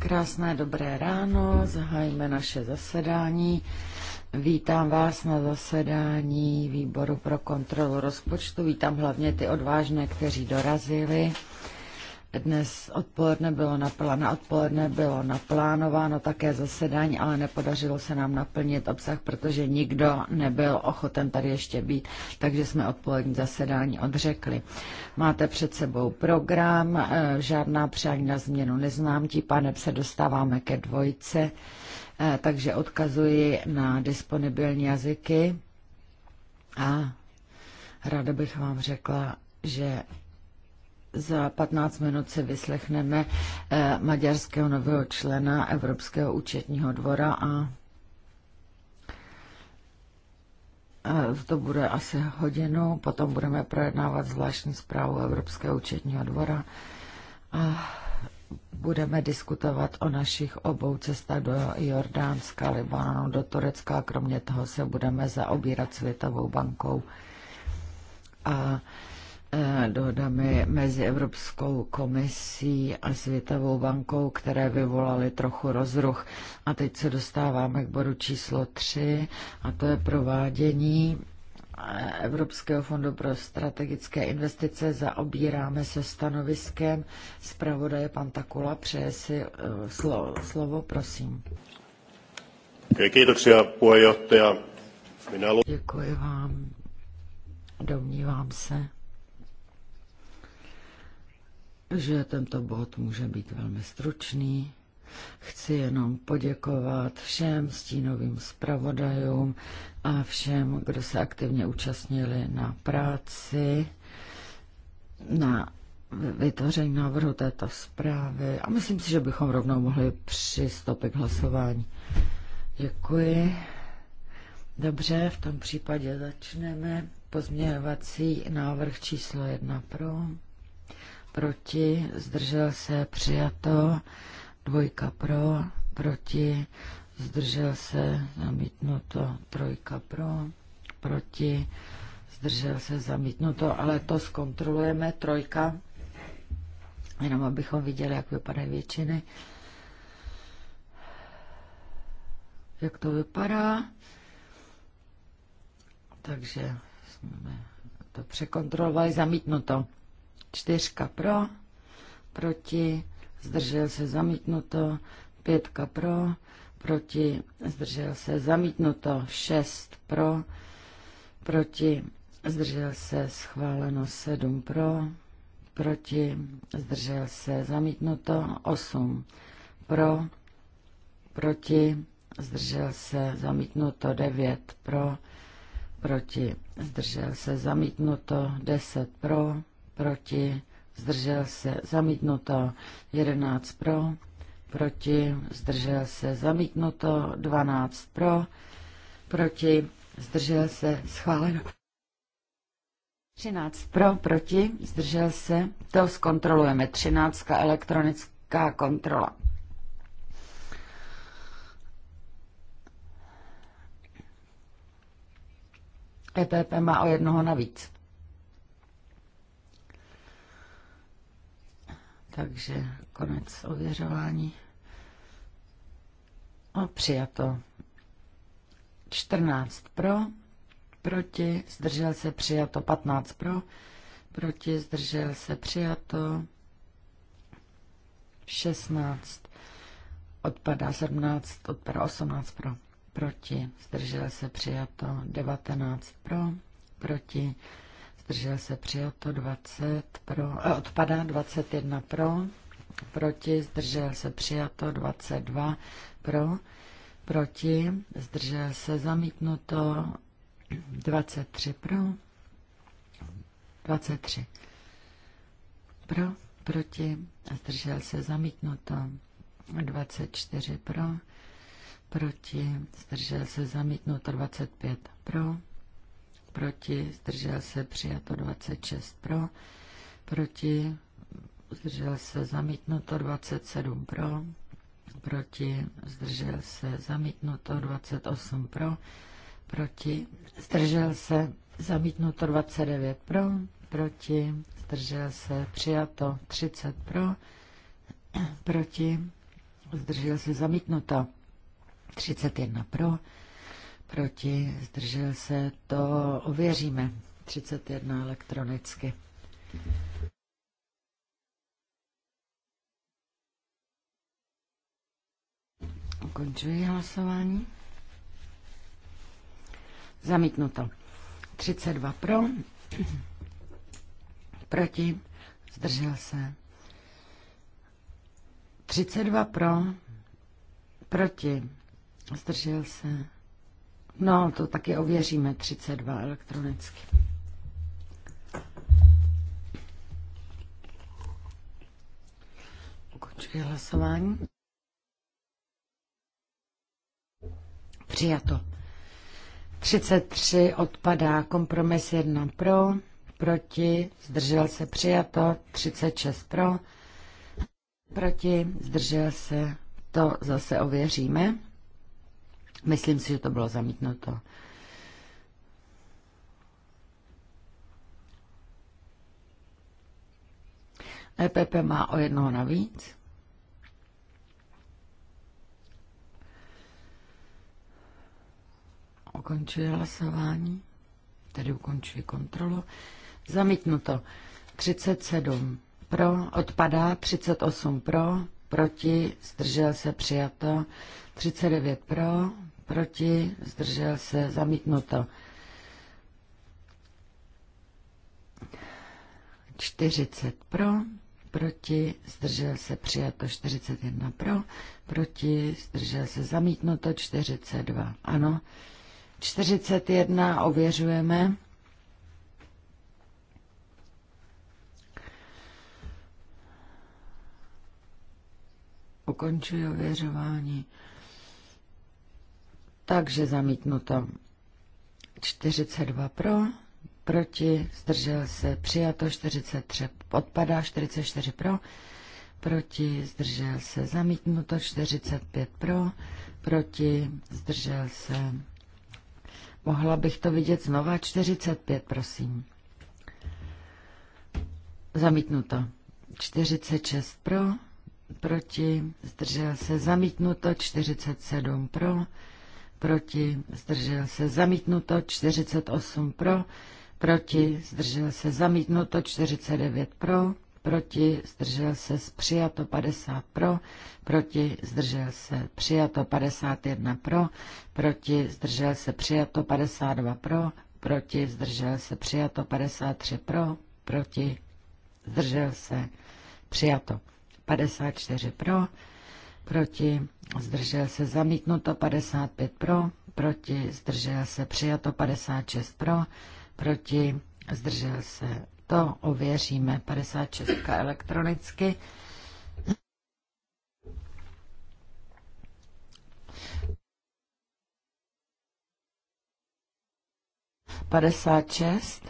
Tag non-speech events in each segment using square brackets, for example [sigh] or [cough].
Krásné dobré ráno, zahájíme naše zasedání. Vítám vás na zasedání výboru pro kontrolu rozpočtu. Vítám hlavně ty odvážné, kteří dorazili dnes odpoledne bylo napl- na odpoledne bylo naplánováno také zasedání, ale nepodařilo se nám naplnit obsah, protože nikdo nebyl ochoten tady ještě být, takže jsme odpolední zasedání odřekli. Máte před sebou program, eh, žádná přání na změnu neznám, ti pane se dostáváme ke dvojce, eh, takže odkazuji na disponibilní jazyky a ráda bych vám řekla, že za 15 minut si vyslechneme eh, maďarského nového člena Evropského účetního dvora a eh, to bude asi hodinu, potom budeme projednávat zvláštní zprávu Evropského účetního dvora a budeme diskutovat o našich obou cestách do Jordánska, Libanonu, do Turecka a kromě toho se budeme zaobírat Světovou bankou. A Eh, dohodami mezi Evropskou komisí a Světovou bankou, které vyvolaly trochu rozruch. A teď se dostáváme k bodu číslo 3 a to je provádění eh, Evropského fondu pro strategické investice zaobíráme se stanoviskem. Zpravodaje pan Takula přeje si eh, slo, slovo, prosím. Děkuji vám. Domnívám se, že tento bod může být velmi stručný. Chci jenom poděkovat všem stínovým zpravodajům a všem, kdo se aktivně účastnili na práci, na vytvoření návrhu této zprávy a myslím si, že bychom rovnou mohli přistoupit k hlasování. Děkuji. Dobře, v tom případě začneme. Pozměňovací návrh číslo jedna pro proti, zdržel se, přijato, dvojka pro, proti, zdržel se, zamítnuto, trojka pro, proti, zdržel se, zamítnuto, ale to zkontrolujeme, trojka, jenom abychom viděli, jak vypadají většiny. Jak to vypadá? Takže jsme to překontrolovali, zamítnuto. Čtyřka pro, proti, zdržel se zamítnuto. Pětka pro, proti, zdržel se zamítnuto. Šest pro, proti, zdržel se schváleno. Sedm pro, proti, zdržel se zamítnuto. Osm pro, proti, zdržel se zamítnuto. Devět pro, proti, zdržel se zamítnuto. Deset pro, proti, zdržel se, zamítnuto, 11 pro, proti, zdržel se, zamítnuto, 12 pro, proti, zdržel se, schváleno. 13 pro, proti, zdržel se, to zkontrolujeme, 13 elektronická kontrola. EPP má o jednoho navíc. Takže konec ověřování. A přijato. 14 pro, proti, zdržel se přijato. 15 pro, proti, zdržel se přijato. 16 odpadá 17, odpadá 18 pro, proti, zdržel se přijato. 19 pro, proti, zdržel se přijato 20 pro, eh, odpadá 21 pro, proti, zdržel se přijato 22 pro, proti, zdržel se zamítnuto 23 pro, 23 pro, proti, zdržel se zamítnuto 24 pro, proti, zdržel se zamítnuto 25 pro, proti, zdržel se přijato 26 pro, proti, zdržel se zamítnuto 27 pro, proti, zdržel se zamítnuto 28 pro, proti, zdržel se zamítnuto 29 pro, proti, zdržel se přijato 30 pro, [clears throat] proti, zdržel se zamítnuto 31 pro, Proti, zdržel se, to ověříme. 31 elektronicky. Ukončuji hlasování. Zamítnuto. 32 pro, proti, zdržel se. 32 pro, proti, zdržel se. No, to taky ověříme 32 elektronicky. Ukončuji hlasování. Přijato. 33 odpadá, kompromis 1 pro, proti, zdržel se přijato, 36 pro, proti, zdržel se, to zase ověříme. Myslím si, že to bylo zamítnuto. EPP má o jednoho navíc. Ukončuje hlasování. Tady ukončuji kontrolu. Zamítnuto. 37 pro, odpadá, 38 pro, proti, zdržel se, přijato, 39 pro, proti, zdržel se, zamítnuto. 40 pro, proti, zdržel se, přijato 41 pro, proti, zdržel se, zamítnuto 42. Ano, 41 ověřujeme. Ukončuji ověřování. Takže zamítnuto. 42 pro, proti, zdržel se, přijato 43, odpadá 44 pro, proti, zdržel se, zamítnuto 45 pro, proti, zdržel se. Mohla bych to vidět znova, 45, prosím. Zamítnuto. 46 pro, proti, zdržel se, zamítnuto 47 pro, proti, zdržel se zamítnuto, 48 pro, proti, zdržel se zamítnuto, 49 pro, proti, zdržel se přijato 50 pro, proti, zdržel se přijato 51 pro, proti, zdržel se přijato 52 pro, proti, zdržel se přijato 53 pro, proti, zdržel se přijato 54 pro, proti, zdržel se zamítnuto 55 pro, proti, zdržel se přijato 56 pro, proti, zdržel se. To ověříme 56 elektronicky. Padesát šest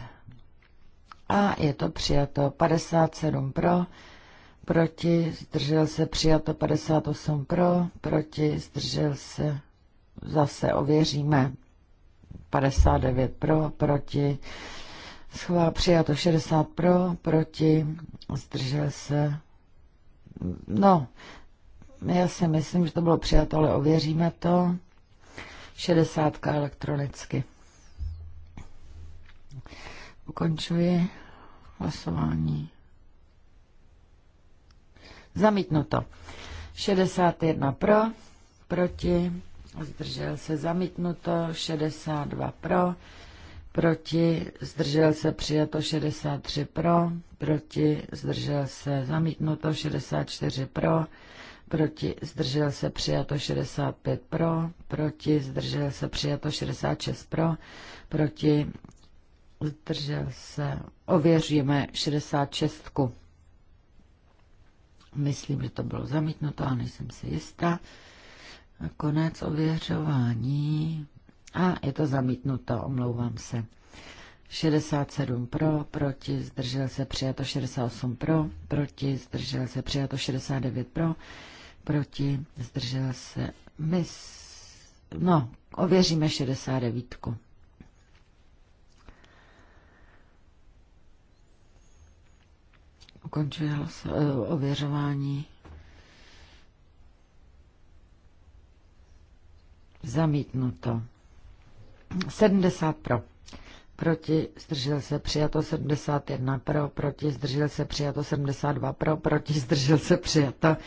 a je to přijato. Padesát sedm pro, proti, zdržel se, přijato 58 pro, proti, zdržel se, zase ověříme, 59 pro, proti, schvál přijato 60 pro, proti, zdržel se, no, já si myslím, že to bylo přijato, ale ověříme to, 60 elektronicky. Ukončuji hlasování. Zamítnuto. 61 pro, proti, zdržel se zamítnuto, 62 pro, proti, zdržel se přijato 63 pro, proti, zdržel se zamítnuto 64 pro, proti, zdržel se přijato 65 pro, proti, zdržel se přijato 66 pro, proti, zdržel se, ověříme 66. -ku. Myslím, že to bylo zamítnuto, ale nejsem si jistá. Konec ověřování. A je to zamítnuto, omlouvám se. 67 pro, proti, zdržel se přijato 68 pro, proti, zdržel se přijato 69 pro, proti, zdržel se mis... No, ověříme 69. -ku. ukončuje eh, ověřování. Zamítnuto. 70 pro. Proti zdržel se přijato 71 pro, proti zdržel se přijato 72 pro, proti zdržel se přijato.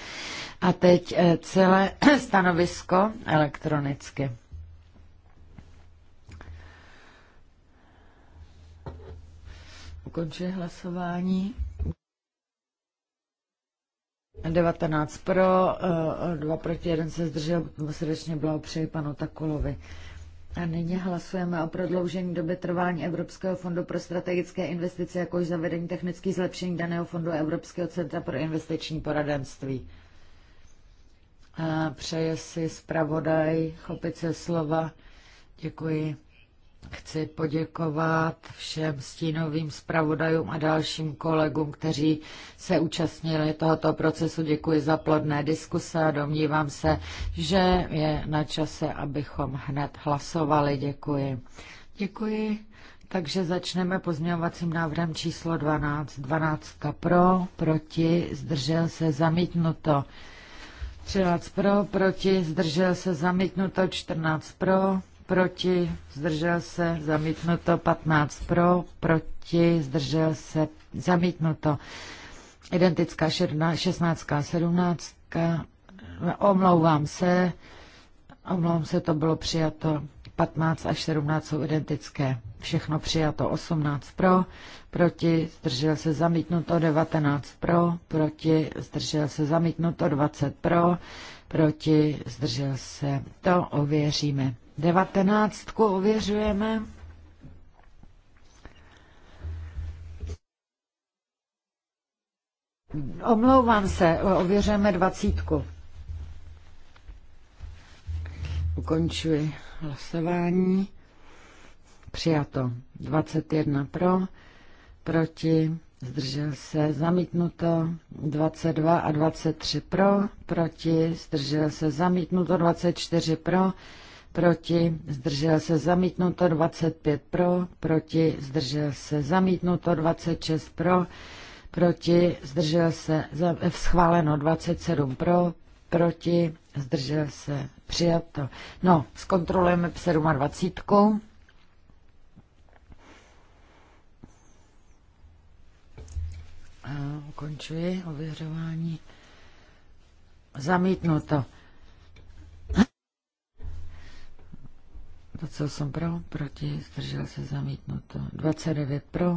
A teď eh, celé [clears throat] stanovisko elektronicky. Ukončuje hlasování. 19 pro, 2 eh, proti, 1 se zdržel. Srdečně blahopřeji panu Takulovi. A nyní hlasujeme o prodloužení doby trvání Evropského fondu pro strategické investice, jakož zavedení technických zlepšení daného fondu Evropského centra pro investiční poradenství. A eh, přeje si zpravodaj chopit se slova. Děkuji. Chci poděkovat všem stínovým zpravodajům a dalším kolegům, kteří se účastnili tohoto procesu. Děkuji za plodné diskuse a domnívám se, že je na čase, abychom hned hlasovali. Děkuji. Děkuji. Takže začneme pozměňovacím návrhem číslo 12. 12 pro, proti, zdržel se, zamítnuto. 13 pro, proti, zdržel se, zamítnuto. 14 pro, proti, zdržel se, zamítnuto, 15 pro, proti, zdržel se, zamítnuto. Identická 16, 17, omlouvám se, omlouvám se, to bylo přijato, 15 až 17 jsou identické. Všechno přijato 18 pro, proti zdržel se zamítnuto 19 pro, proti zdržel se zamítnuto 20 pro, proti zdržel se. To ověříme. Devatenáctku ověřujeme. Omlouvám se, ověřujeme dvacítku. Ukončuji hlasování. Přijato 21 pro, proti, zdržel se, zamítnuto 22 a 23 pro, proti, zdržel se, zamítnuto 24 pro, proti, zdržel se zamítnuto 25 pro, proti, zdržel se zamítnuto 26 pro, proti, zdržel se schváleno 27 pro, proti, zdržel se přijato. No, zkontrolujeme 27. A ukončuji ověřování. Zamítnuto. 28 pro, proti, zdržel se zamítnuto. 29 pro,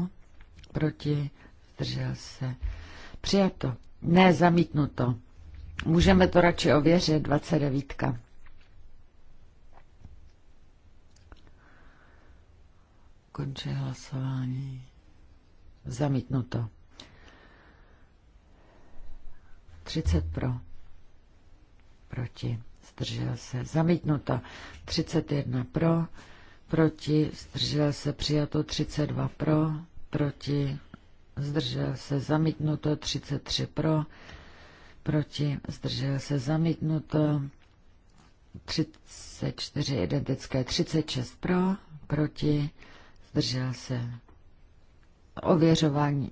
proti, zdržel se přijato. Ne, zamítnuto. Můžeme to radši ověřit, 29. Končí hlasování. Zamítnuto. 30 pro. Proti zdržel se, zamítnuto 31 pro, proti, zdržel se, přijato 32 pro, proti, zdržel se, zamítnuto 33 pro, proti, zdržel se, zamítnuto 34 identické, 36 pro, proti, zdržel se. Ověřování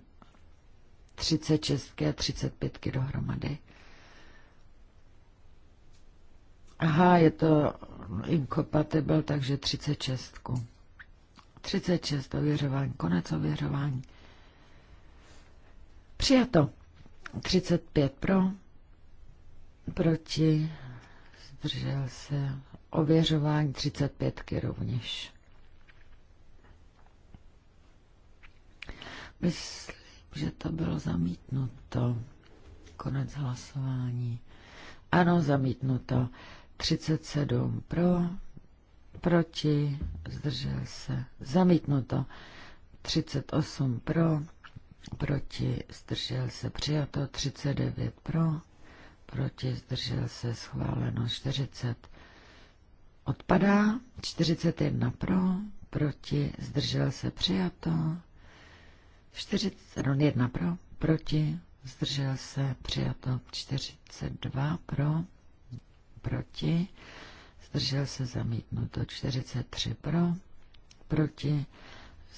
36 a 35 dohromady. Aha, je to incompatible, takže 36. 36 ověřování, konec ověřování. Přijato. 35 pro, proti, zdržel se ověřování 35 rovněž. Myslím, že to bylo zamítnuto. Konec hlasování. Ano, zamítnuto. 37 pro, proti, zdržel se, zamítnuto. 38 pro, proti, zdržel se, přijato. 39 pro, proti, zdržel se, schváleno. 40 odpadá. 41 pro, proti, zdržel se, přijato. 41 no, pro, proti, zdržel se, přijato. 42 pro, proti, zdržel se zamítnuto 43 pro, proti,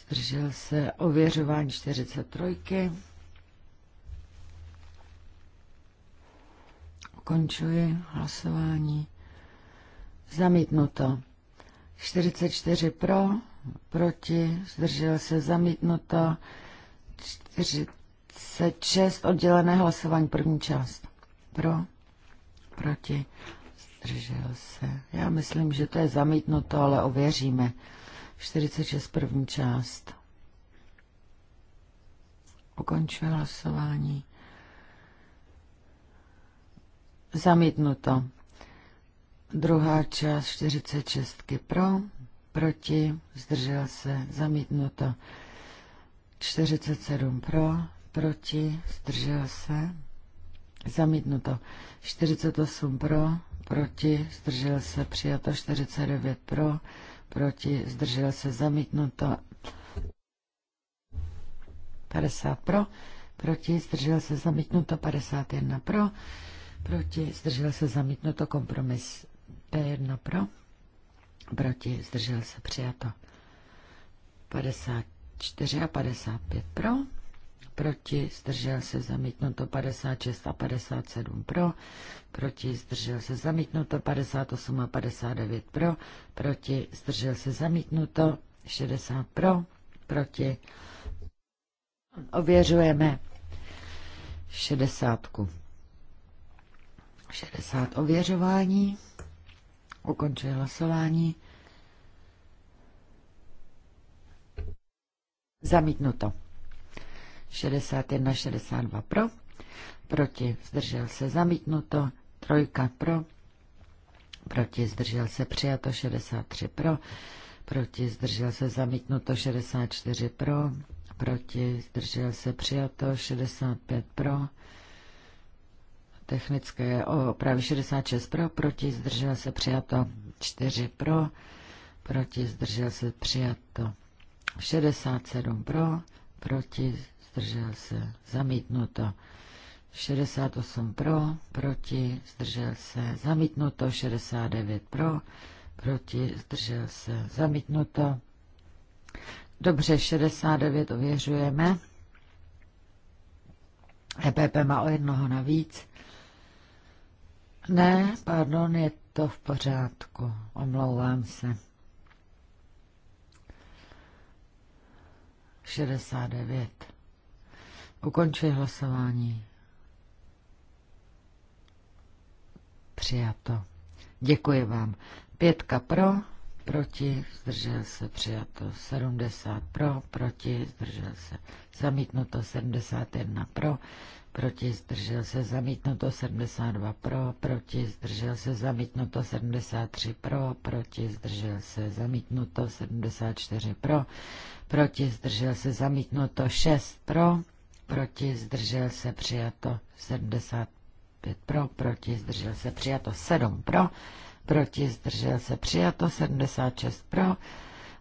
zdržel se ověřování 43. Končuji hlasování. Zamítnuto. 44 pro, proti, zdržel se zamítnuto. 46 oddělené hlasování první část. Pro, proti, Zdržel se. Já myslím, že to je zamítnuto, ale ověříme. 46 první část. Ukončuje hlasování. Zamítnuto. Druhá část 46 pro, proti, zdržel se, zamítnuto. 47 pro, proti, zdržel se, zamítnuto. 48 pro, proti, zdržel se přijato 49 pro, proti, zdržel se zamítnuto 50 pro, proti, zdržel se zamítnuto 51 pro, proti, zdržel se zamítnuto kompromis P1 pro, proti, zdržel se přijato 54 a 55 pro, proti, zdržel se zamítnuto 56 a 57 pro, proti, zdržel se zamítnuto 58 a 59 pro, proti, zdržel se zamítnuto 60 pro, proti. Ověřujeme 60. 60 ověřování, ukončuje hlasování. Zamítnuto. 61, 62 pro, proti zdržel se zamítnuto, trojka pro, proti zdržel se přijato 63 pro, proti zdržel se zamítnuto 64 pro, proti zdržel se přijato 65 pro, technické opravy 66 pro, proti zdržel se přijato 4 pro, proti zdržel se přijato 67 pro, proti zdržel se, zamítnuto. 68 pro, proti, zdržel se, zamítnuto. 69 pro, proti, zdržel se, zamítnuto. Dobře, 69 ověřujeme. EPP má o jednoho navíc. Ne, pardon, je to v pořádku. Omlouvám se. 69. Ukončuji hlasování. Přijato. Děkuji vám. Pětka pro, proti, zdržel se, přijato. 70 pro, proti, zdržel se, zamítnuto. 71 pro, proti, zdržel se, zamítnuto. 72 pro, proti, zdržel se, zamítnuto. 73 pro, proti, zdržel se, zamítnuto. 74 pro, proti, zdržel se, zamítnuto. 6 pro, proti, zdržel se, přijato 75 pro, proti, zdržel se, přijato 7 pro, proti, zdržel se, přijato 76 pro,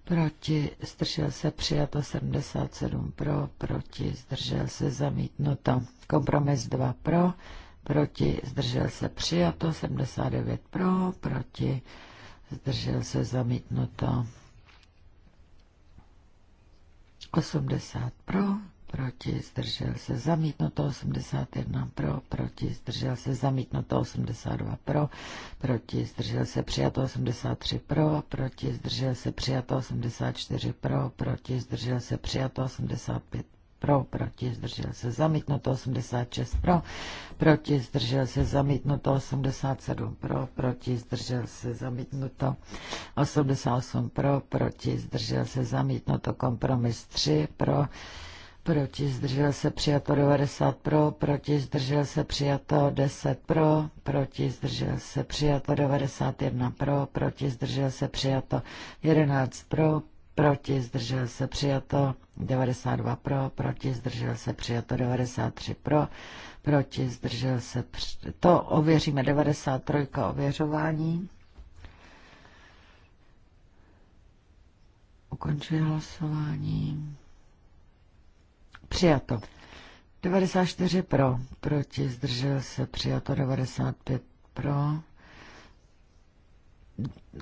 proti, zdržel se, přijato 77 pro, proti, zdržel se, zamítnuto, kompromis 2 pro, proti, zdržel se, přijato 79 pro, proti, zdržel se, zamítnuto 80 pro, proti, zdržel se zamítnuto 81 pro, proti, zdržel se zamítnuto 82 pro, proti, zdržel se přijato 83 pro, proti, zdržel se přijato 84 pro, proti, zdržel se přijato 85 pro, proti, zdržel se zamítnuto 86 pro, proti, zdržel se zamítnuto 87 pro, proti, zdržel se zamítnuto 88 pro, proti, zdržel se zamítnuto kompromis 3 pro, proti zdržel se přijato 90 pro, proti zdržel se přijato 10 pro, proti zdržel se přijato 91 pro, proti zdržel se přijato 11 pro, proti zdržel se přijato 92 pro, proti zdržel se přijato 93 pro, proti zdržel se při... to ověříme 93 ověřování. Ukončuje hlasování. Přijato. 94 pro, proti, zdržel se, přijato 95 pro,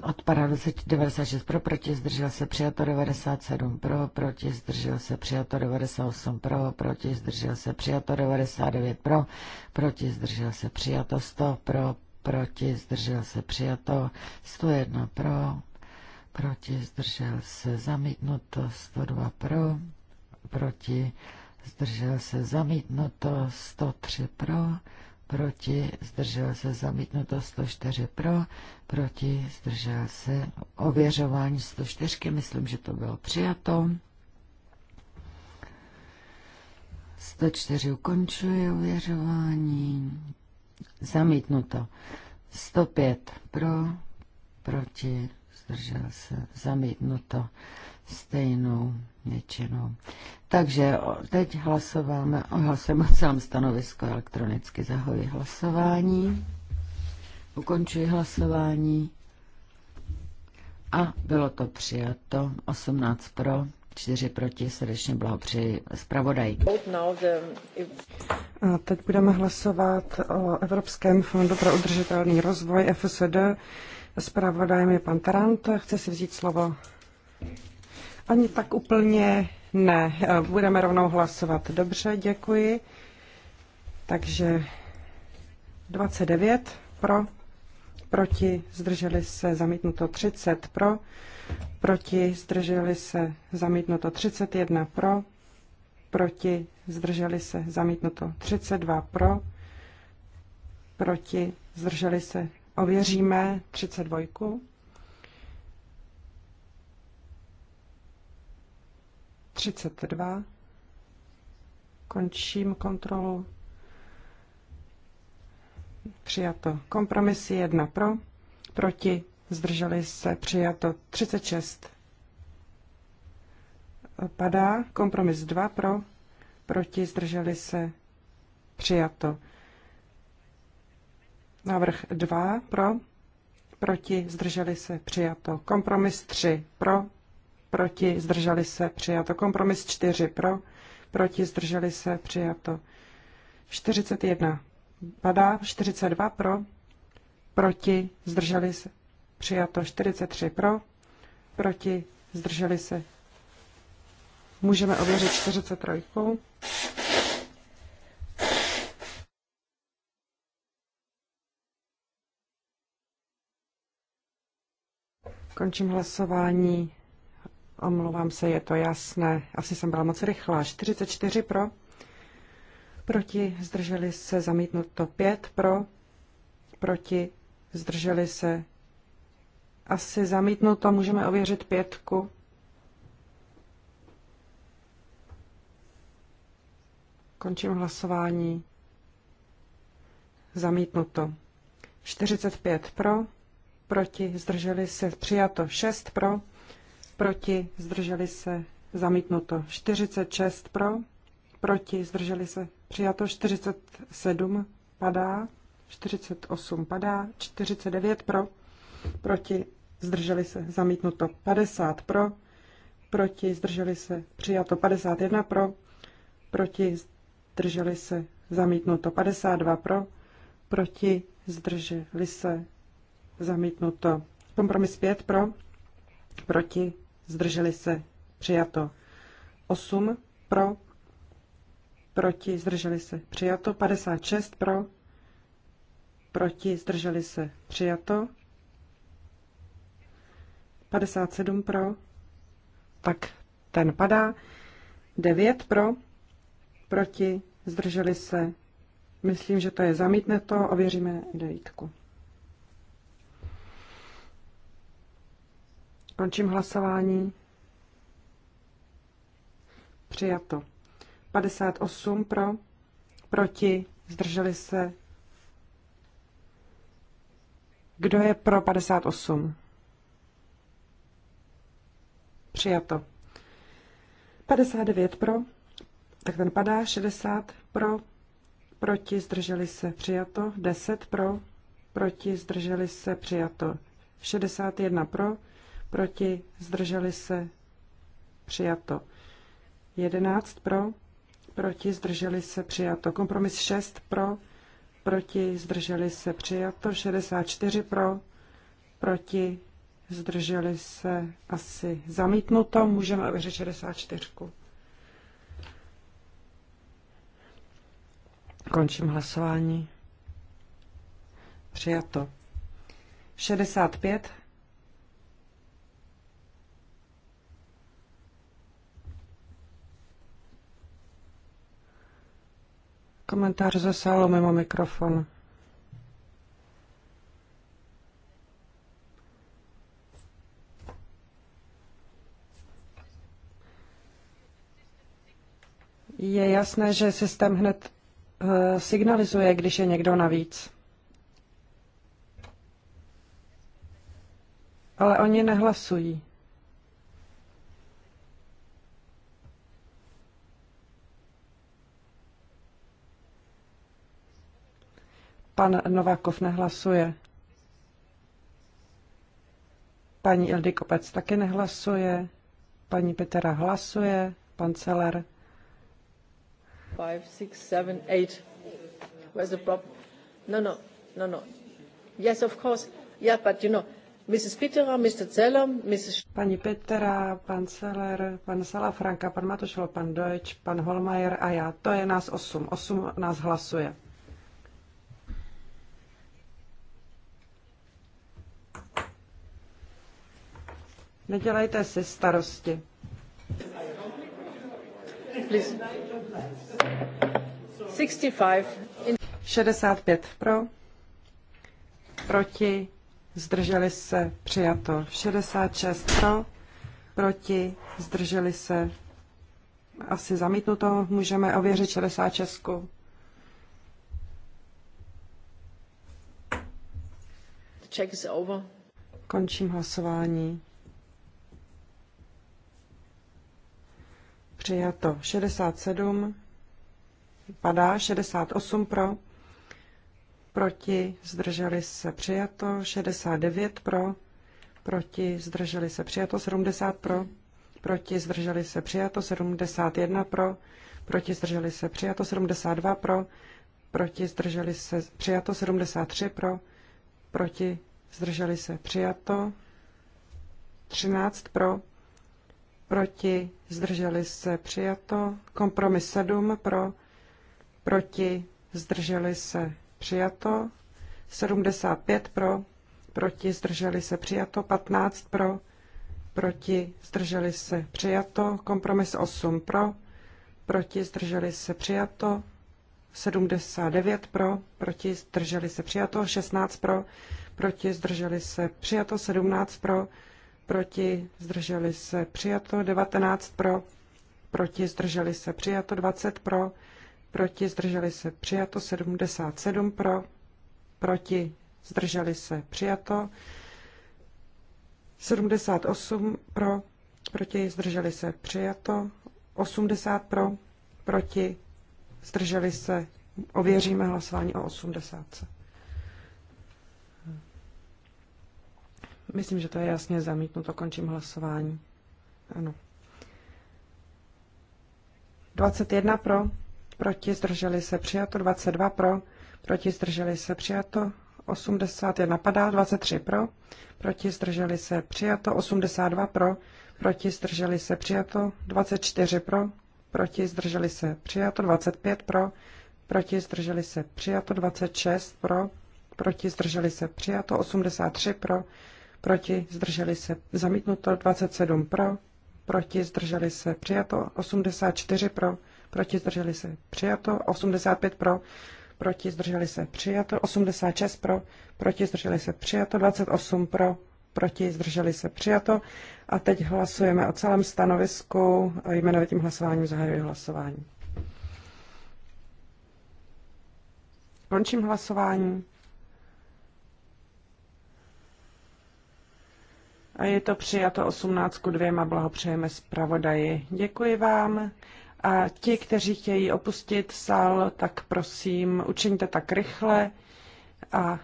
odpadá 96 pro, proti, zdržel se, přijato 97 pro, proti, zdržel se, přijato 98 pro, proti, zdržel se, přijato 99 pro, proti, zdržel se, přijato 100 pro, proti, zdržel se, přijato 101 pro, proti, zdržel se, zamítnuto 102 pro, proti, zdržel se zamítnuto 103 pro, proti, zdržel se zamítnuto 104 pro, proti, zdržel se ověřování 104, myslím, že to bylo přijato. 104 ukončuje ověřování, zamítnuto 105 pro, proti, zdržel se zamítnuto stejnou většinou. Takže teď hlasováme, hlasujeme o celém stanovisku elektronicky. Zahoji hlasování, ukončuji hlasování a bylo to přijato. 18 pro, 4 proti, srdečně blahopřeji zpravodaj. A teď budeme hlasovat o Evropském fondu pro udržitelný rozvoj FSD. Zpravodajem je pan Tarant. Chce si vzít slovo. Ani tak úplně ne. Budeme rovnou hlasovat. Dobře, děkuji. Takže 29 pro, proti, zdrželi se, zamítnuto 30 pro, proti, zdrželi se, zamítnuto 31 pro, proti, zdrželi se, zamítnuto 32 pro, proti, zdrželi se, ověříme 32. 32. Končím kontrolu. Přijato. Kompromis 1 pro, proti, zdrželi se, přijato 36. Padá. Kompromis 2 pro, proti, zdrželi se, přijato. Návrh 2 pro, proti, zdrželi se, přijato. Kompromis 3 pro, proti, zdrželi se, přijato. Kompromis 4 pro, proti, zdrželi se, přijato. 41 padá, 42 pro, proti, zdrželi se, přijato. 43 pro, proti, zdrželi se. Můžeme ověřit 43. Končím hlasování. Omlouvám se, je to jasné. Asi jsem byla moc rychlá. 44 pro. Proti zdrželi se zamítnuto 5 pro. Proti zdrželi se asi zamítnuto. Můžeme ověřit pětku. Končím hlasování. Zamítnuto. 45 pro, proti zdrželi se přijato 6 pro, proti, zdrželi se, zamítnuto. 46 pro, proti, zdrželi se, přijato. 47 padá, 48 padá, 49 pro, proti, zdrželi se, zamítnuto. 50 pro, proti, zdrželi se, přijato. 51 pro, proti, zdrželi se, zamítnuto. 52 pro, proti, zdrželi se, zamítnuto. Kompromis 5 pro, proti, zdrželi se, přijato. 8 pro, proti, zdrželi se, přijato. 56 pro, proti, zdrželi se, přijato. 57 pro, tak ten padá. 9 pro, proti, zdrželi se. Myslím, že to je zamítne to, ověříme devítku. Končím hlasování. Přijato. 58 pro, proti, zdrželi se. Kdo je pro 58? Přijato. 59 pro, tak ten padá, 60 pro, proti, zdrželi se, přijato, 10 pro, proti, zdrželi se, přijato, 61 pro, proti, zdrželi se, přijato. 11 pro, proti, zdrželi se, přijato. Kompromis 6 pro, proti, zdrželi se, přijato. 64 pro, proti, zdrželi se, asi zamítnuto. Můžeme vyřešit 64. Končím hlasování. Přijato. 65 Komentář ze sálu mimo mikrofon. Je jasné, že systém hned eh, signalizuje, když je někdo navíc. Ale oni nehlasují. Pan Novákov nehlasuje. Paní Ildikopec taky nehlasuje. Paní Petera hlasuje. Pan Celer. Five, six, seven, eight. Where's the problem? No, no, no, no. Yes, of course. Yeah, but you know, Mrs. Petera, Mr. Zeller, Mrs. Paní Petera, pan Zeller, pan Salafranka, pan Matošlo, pan Deutsch, pan Holmeier a já. To je nás osm. Osm nás hlasuje. Nedělejte si starosti. Please. 65. 65 pro, proti, zdrželi se, přijato. 66 pro, proti, zdrželi se, asi zamítnuto, můžeme ověřit 66. Check is over. Končím hlasování. Přijato 67, padá 68 pro, proti, zdrželi se přijato 69 pro, proti, zdrželi se přijato 70 pro, proti, zdrželi se přijato 71 pro, proti, zdrželi se přijato 72 pro, proti, zdrželi se přijato 73 pro, proti, zdrželi se přijato 13 pro, proti, zdrželi se, přijato. Kompromis 7 pro, proti, zdrželi se, přijato. 75 pro, proti, zdrželi se, přijato. 15 pro, proti, zdrželi se, přijato. Kompromis 8 pro, proti, zdrželi se, přijato. 79 pro, proti, zdrželi se, přijato. 16 pro, proti, zdrželi se, přijato. 17 pro, proti, zdrželi se přijato, 19 pro, proti, zdrželi se přijato, 20 pro, proti, zdrželi se přijato, 77 pro, proti, zdrželi se přijato, 78 pro, proti, zdrželi se přijato, 80 pro, proti, zdrželi se, ověříme hlasování o 80. Myslím, že to je jasně zamítnuto. Končím hlasování. Ano. 21 pro, proti zdrželi se přijato, 22 pro, proti zdrželi se přijato, 81 padá, 23 pro, proti zdrželi se přijato, 82 pro, proti zdrželi se přijato, 24 pro, proti zdrželi se přijato, 25 pro, proti zdrželi se přijato, 26 pro, proti zdrželi se přijato, 83 pro, proti, zdrželi se zamítnuto, 27 pro, proti, zdrželi se přijato, 84 pro, proti, zdrželi se přijato, 85 pro, proti, zdrželi se přijato, 86 pro, proti, zdrželi se přijato, 28 pro, proti, zdrželi se přijato. A teď hlasujeme o celém stanovisku, jmenovitým hlasováním zahajuji hlasování. Končím hlasování. A je to přijato 18 ku 2. Blahopřejeme zpravodaji. Děkuji vám. A ti, kteří chtějí opustit sál, tak prosím, učiňte tak rychle a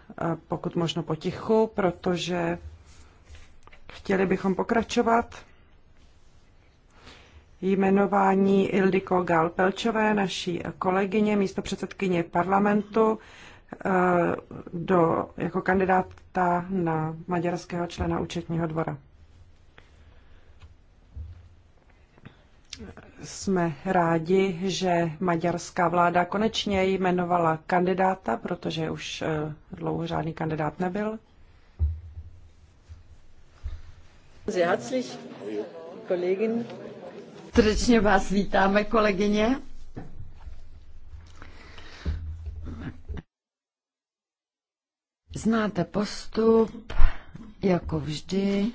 pokud možno potichu, protože chtěli bychom pokračovat. Jmenování Ildiko Galpelčové, naší kolegyně, místo předsedkyně parlamentu, Eh, do, jako kandidáta na maďarského člena účetního dvora. Jsme rádi, že maďarská vláda konečně jmenovala kandidáta, protože už eh, dlouho žádný kandidát nebyl. Srdečně vás vítáme, kolegyně. Znáte postup, jako vždy.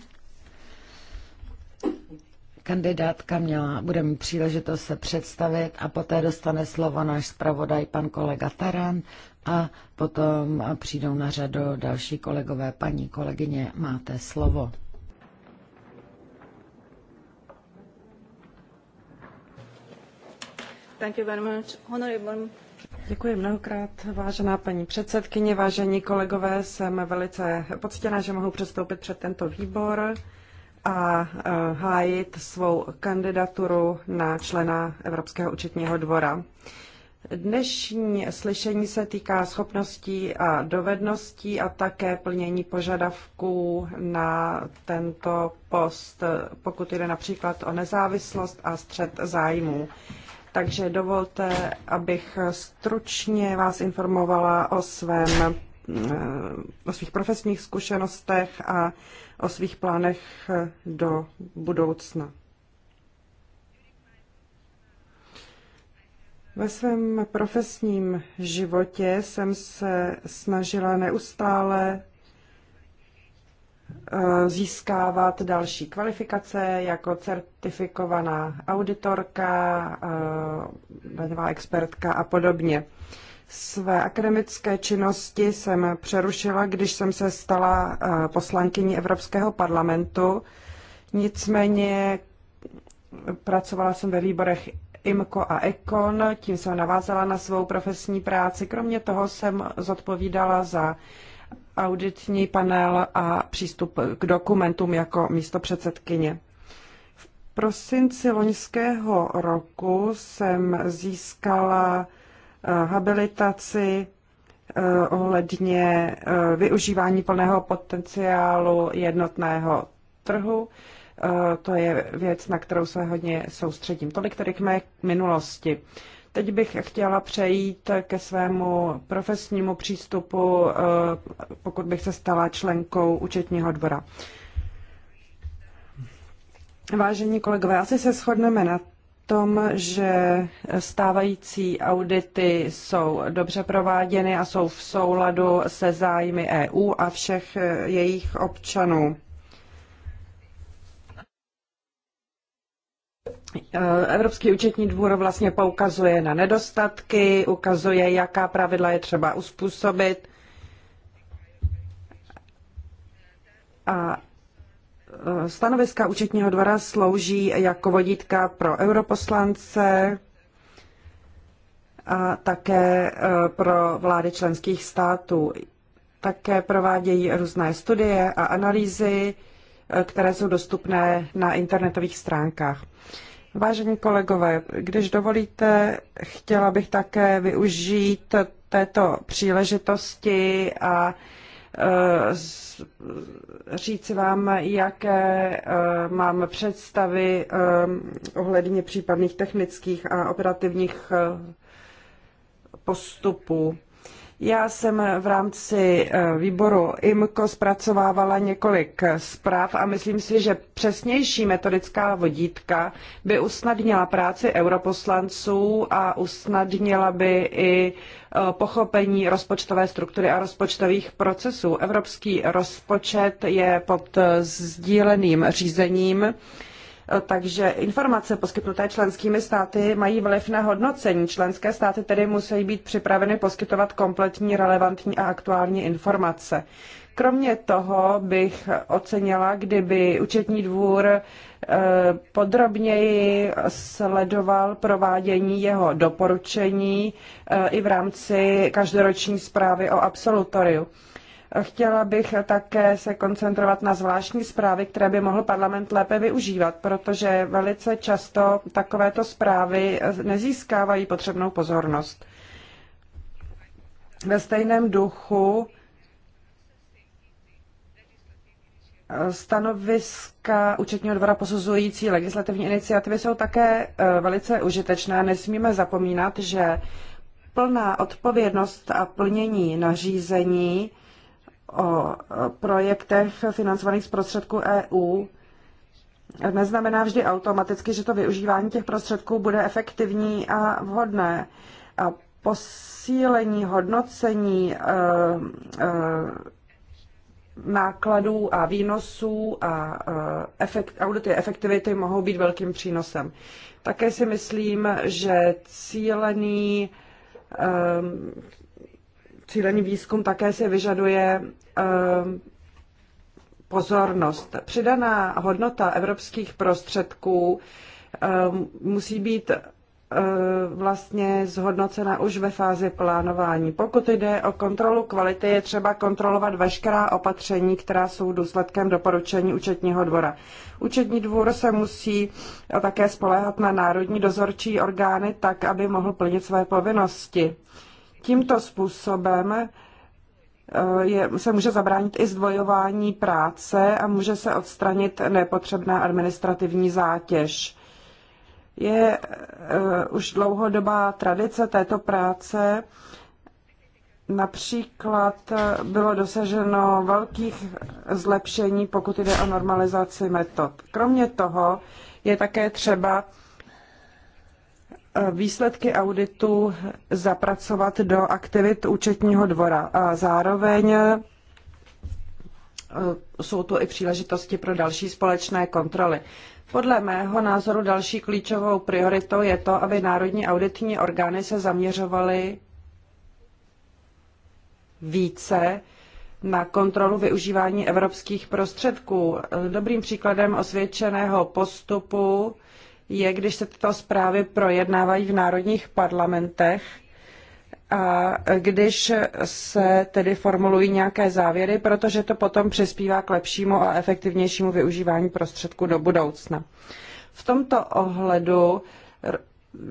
Kandidátka měla, bude mít příležitost se představit a poté dostane slovo náš zpravodaj pan kolega Taran a potom přijdou na řadu další kolegové. Paní kolegyně, máte slovo. Thank you very much. Honorable Děkuji mnohokrát, vážená paní předsedkyně, vážení kolegové. Jsem velice poctěná, že mohu předstoupit před tento výbor a e, hájit svou kandidaturu na člena Evropského účetního dvora. Dnešní slyšení se týká schopností a dovedností a také plnění požadavků na tento post, pokud jde například o nezávislost a střed zájmů. Takže dovolte, abych stručně vás informovala o svém eh, o svých profesních zkušenostech a o svých plánech do budoucna. Ve svém profesním životě jsem se snažila neustále Eh, získávat další kvalifikace jako certifikovaná auditorka, eh, daňová expertka a podobně. Své akademické činnosti jsem přerušila, když jsem se stala eh, poslankyní Evropského parlamentu. Nicméně pracovala jsem ve výborech IMCO a ECON, tím jsem navázala na svou profesní práci. Kromě toho jsem zodpovídala za auditní panel a přístup k dokumentům jako místo předsedkyně. V prosinci loňského roku jsem získala eh, habilitaci eh, ohledně eh, využívání plného potenciálu jednotného trhu. To je věc, na kterou se hodně soustředím. Tolik tedy k mé minulosti. Teď bych chtěla přejít ke svému profesnímu přístupu, eh, pokud bych se stala členkou účetního dvora. Vážení kolegové, asi se shodneme na tom, že stávající audity jsou dobře prováděny a jsou v souladu se zájmy EU a všech jejich občanů. Eh, Evropský účetní dvůr vlastně poukazuje na nedostatky, ukazuje, jaká pravidla je třeba uspůsobit. A eh, stanoviska účetního dvora slouží jako vodítka pro europoslance a také eh, pro vlády členských států. Také provádějí různé studie a analýzy, které jsou dostupné na internetových stránkách. Vážení kolegové, když dovolíte, chtěla bych také využít této příležitosti a e, říct vám, jaké e, mám představy e, ohledně případných technických a operativních postupů. Já jsem v rámci eh, výboru IMCO zpracovávala několik zpráv a myslím si, že přesnější metodická vodítka by usnadnila práci europoslanců a usnadnila by i eh, pochopení rozpočtové struktury a rozpočtových procesů. Evropský rozpočet je pod eh, sdíleným řízením takže informace poskytnuté členskými státy mají vliv na hodnocení. Členské státy tedy musí být připraveny poskytovat kompletní, relevantní a aktuální informace. Kromě toho bych ocenila, kdyby účetní dvůr eh, podrobněji sledoval provádění jeho doporučení eh, i v rámci každoroční zprávy o absolutoriu. Chtěla bych také se koncentrovat na zvláštní zprávy, které by mohl parlament lépe využívat, protože velice často takovéto zprávy nezískávají potřebnou pozornost. Ve stejném duchu stanoviska účetního dvora posuzující legislativní iniciativy jsou také e, velice užitečné. Nesmíme zapomínat, že plná odpovědnost a plnění nařízení o projektech financovaných z prostředků EU neznamená vždy automaticky, že to využívání těch prostředků bude efektivní a vhodné. A posílení hodnocení e, e, nákladů a výnosů a e, efekt, audity efektivity mohou být velkým přínosem. Také si myslím, že cílený cílený výzkum také se vyžaduje eh, pozornost. Přidaná hodnota evropských prostředků eh, musí být eh, vlastně zhodnocena už ve fázi plánování. Pokud jde o kontrolu kvality, je třeba kontrolovat veškerá opatření, která jsou důsledkem doporučení účetního dvora. Účetní dvůr se musí také spolehat na národní dozorčí orgány tak, aby mohl plnit své povinnosti. Tímto způsobem eh, je, se může zabránit i zdvojování práce a může se odstranit nepotřebná administrativní zátěž. Je uh, už dlouhodobá tradice této práce. Například eh, bylo dosaženo velkých zlepšení, pokud jde o normalizaci metod. Kromě toho je také třeba Eh, výsledky auditu zapracovat do aktivit účetního dvora a zároveň eh, jsou tu i příležitosti pro další společné kontroly. Podle mého názoru další klíčovou prioritou je to, aby národní auditní orgány se zaměřovaly více na kontrolu využívání evropských prostředků. Dobrým příkladem osvědčeného postupu je, když se tyto zprávy projednávají v národních parlamentech a když se tedy formulují nějaké závěry, protože to potom přispívá k lepšímu a efektivnějšímu využívání prostředků do budoucna. V tomto ohledu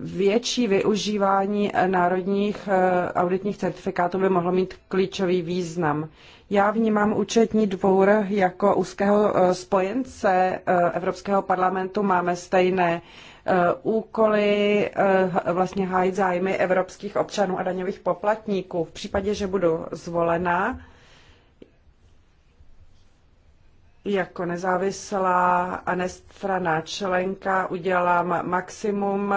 větší využívání národních eh, auditních certifikátů by mohlo mít klíčový význam. Já vnímám účetní dvůr jako úzkého eh, spojence eh, Evropského parlamentu. Máme stejné eh, úkoly vlastně hájit zájmy evropských občanů a daňových poplatníků. V případě, že budu zvolena jako nezávislá a nestraná členka, udělám maximum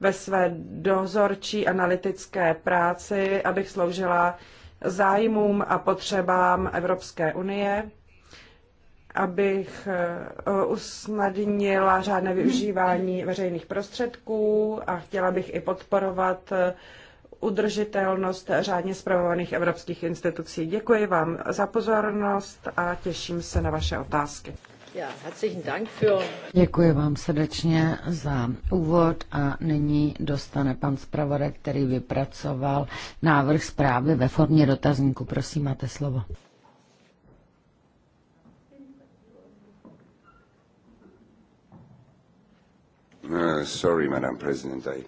ve své dozorčí analytické práci, abych sloužila zájmům a potřebám Evropské unie, abych eh, usnadnila řádné využívání veřejných prostředků a chtěla bych i podporovat eh, udržitelnost řádně zpravovaných evropských institucí. Děkuji vám za pozornost a těším se na vaše otázky. Děkuji vám srdečně za úvod a nyní dostane pan zpravodaj, který vypracoval návrh zprávy ve formě dotazníku. Prosím, máte slovo. Uh, sorry, madam president, I...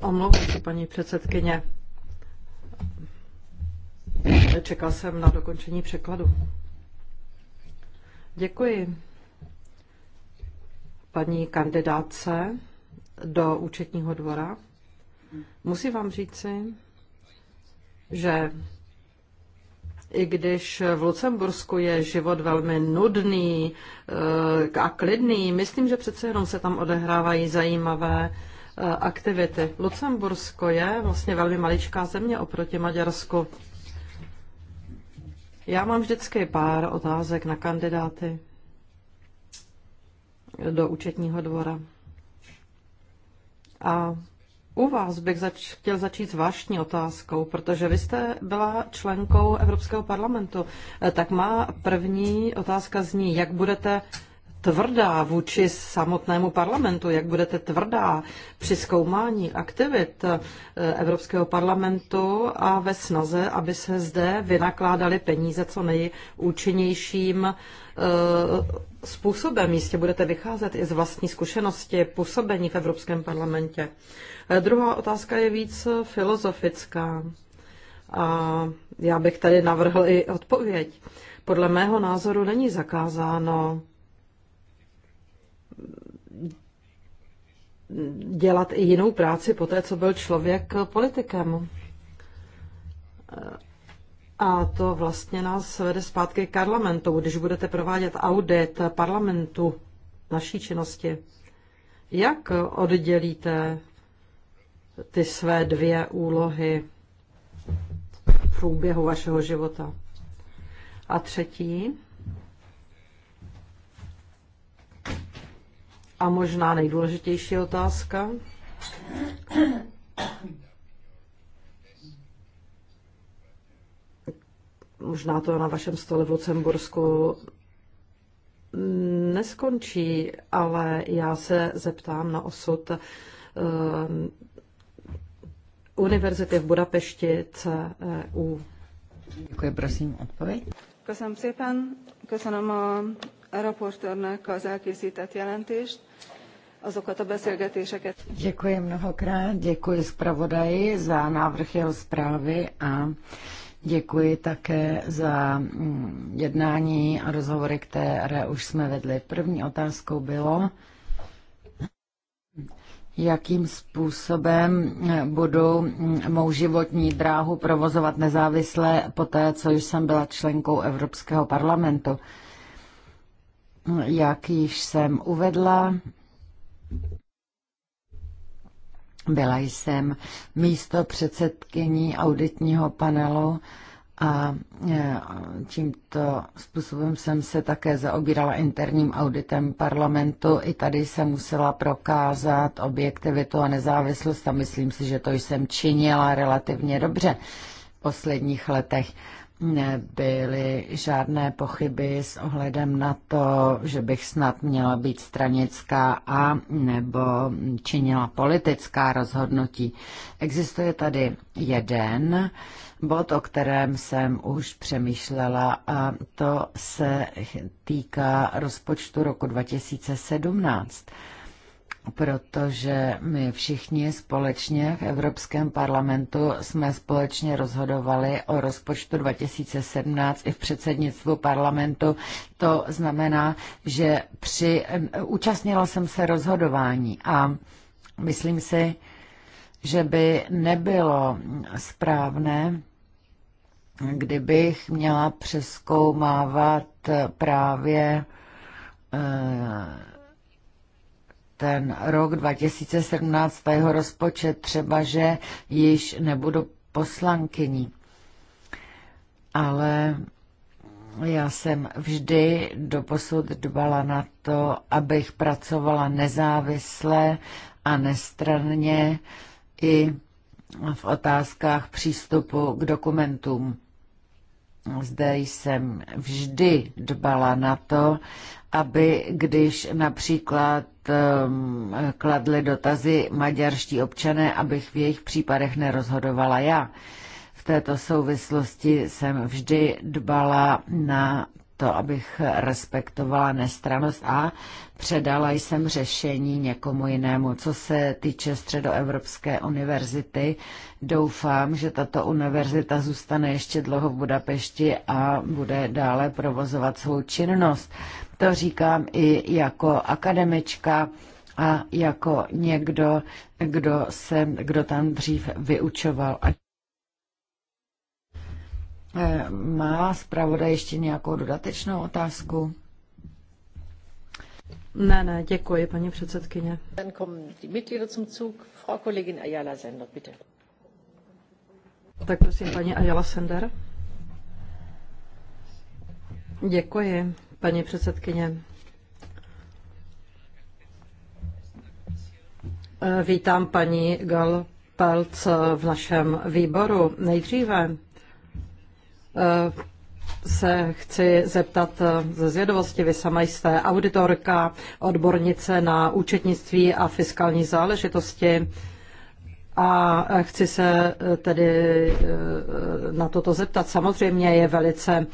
Omlouvám se, paní předsedkyně. Čekal jsem na dokončení překladu. Děkuji paní kandidáce do účetního dvora. Musím vám říci, že i když v Lucembursku je život velmi nudný eh, a klidný, myslím, že přece jenom se tam odehrávají zajímavé eh, aktivity. Lucembursko je vlastně velmi maličká země oproti Maďarsku. Já mám vždycky pár otázek na kandidáty do účetního dvora. A u vás bych zač- chtěl začít s vášní otázkou, protože vy jste byla členkou Evropského parlamentu. Eh, tak má první otázka zní, jak budete tvrdá vůči samotnému parlamentu, jak budete tvrdá při zkoumání aktivit eh, Evropského parlamentu a ve snaze, aby se zde vynakládaly peníze co nejúčinnějším eh, způsobem. Jistě budete vycházet i z vlastní zkušenosti působení v Evropském parlamentě. Eh, druhá otázka je víc filozofická. A já bych tady navrhl i odpověď. Podle mého názoru není zakázáno dělat i jinou práci po té, co byl člověk politikem. A to vlastně nás vede zpátky k parlamentu, když budete provádět audit parlamentu naší činnosti. Jak oddělíte ty své dvě úlohy v průběhu vašeho života? A třetí, A možná nejdůležitější otázka. Možná to na vašem stole v Lucembursku neskončí, ale já se zeptám na osud eh, Univerzity v Budapešti CEU. Děkuji, prosím, odpověď. Děkuji, pan. Děkuji, raportőrnek az elkészített jelentést, azokat a beszélgetéseket. Děkuji mnohokrát, děkuji zpravodaji za návrh jeho zprávy a Děkuji také za mm, jednání a rozhovory, které už jsme vedli. První otázkou bylo, jakým způsobem budu mm, mou životní dráhu provozovat nezávisle po té, co už jsem byla členkou Evropského parlamentu. Jak již jsem uvedla, byla jsem místo předsedkyní auditního panelu a e, tímto způsobem jsem se také zaobírala interním auditem parlamentu. I tady jsem musela prokázat objektivitu a nezávislost a myslím si, že to jsem činila relativně dobře v posledních letech nebyly žádné pochyby s ohledem na to, že bych snad měla být stranická a nebo činila politická rozhodnutí. Existuje tady jeden bod, o kterém jsem už přemýšlela a to se týká rozpočtu roku 2017 protože my všichni společně v Evropském parlamentu jsme společně rozhodovali o rozpočtu 2017 i v předsednictvu parlamentu. To znamená, že při, účastnila jsem se rozhodování a myslím si, že by nebylo správné, kdybych měla přeskoumávat právě e, ten rok 2017 a jeho rozpočet, třeba že již nebudu poslankyní. Ale já jsem vždy doposud dbala na to, abych pracovala nezávisle a nestranně i v otázkách přístupu k dokumentům. Zde jsem vždy dbala na to, aby když například um, ehm, kladly dotazy maďarští občané, abych v jejich případech nerozhodovala já. V této souvislosti jsem vždy dbala na to, abych respektovala nestranost a předala jsem řešení někomu jinému. Co se týče Středoevropské univerzity, doufám, že tato univerzita zůstane ještě dlouho v Budapešti a bude dále provozovat svou činnost. To říkám i jako akademička a jako někdo, kdo, se, kdo tam dřív vyučoval. Eh, má zpravodaj ještě nějakou dodatečnou otázku? Ne, ne, děkuji, paní předsedkyně. Dann kommen die Mitglieder zum Zug. Frau Kollegin Ayala Sender, bitte. Tak prosím, paní Ayala Sender. Děkuji, paní předsedkyně. Eh, vítám paní Gal Pelc v našem výboru. Nejdříve Eh, se chci zeptat eh, ze zvědovosti. Vy sama jste auditorka, odbornice na účetnictví a fiskální záležitosti. A eh, chci se tedy na toto zeptat. Samozřejmě je velice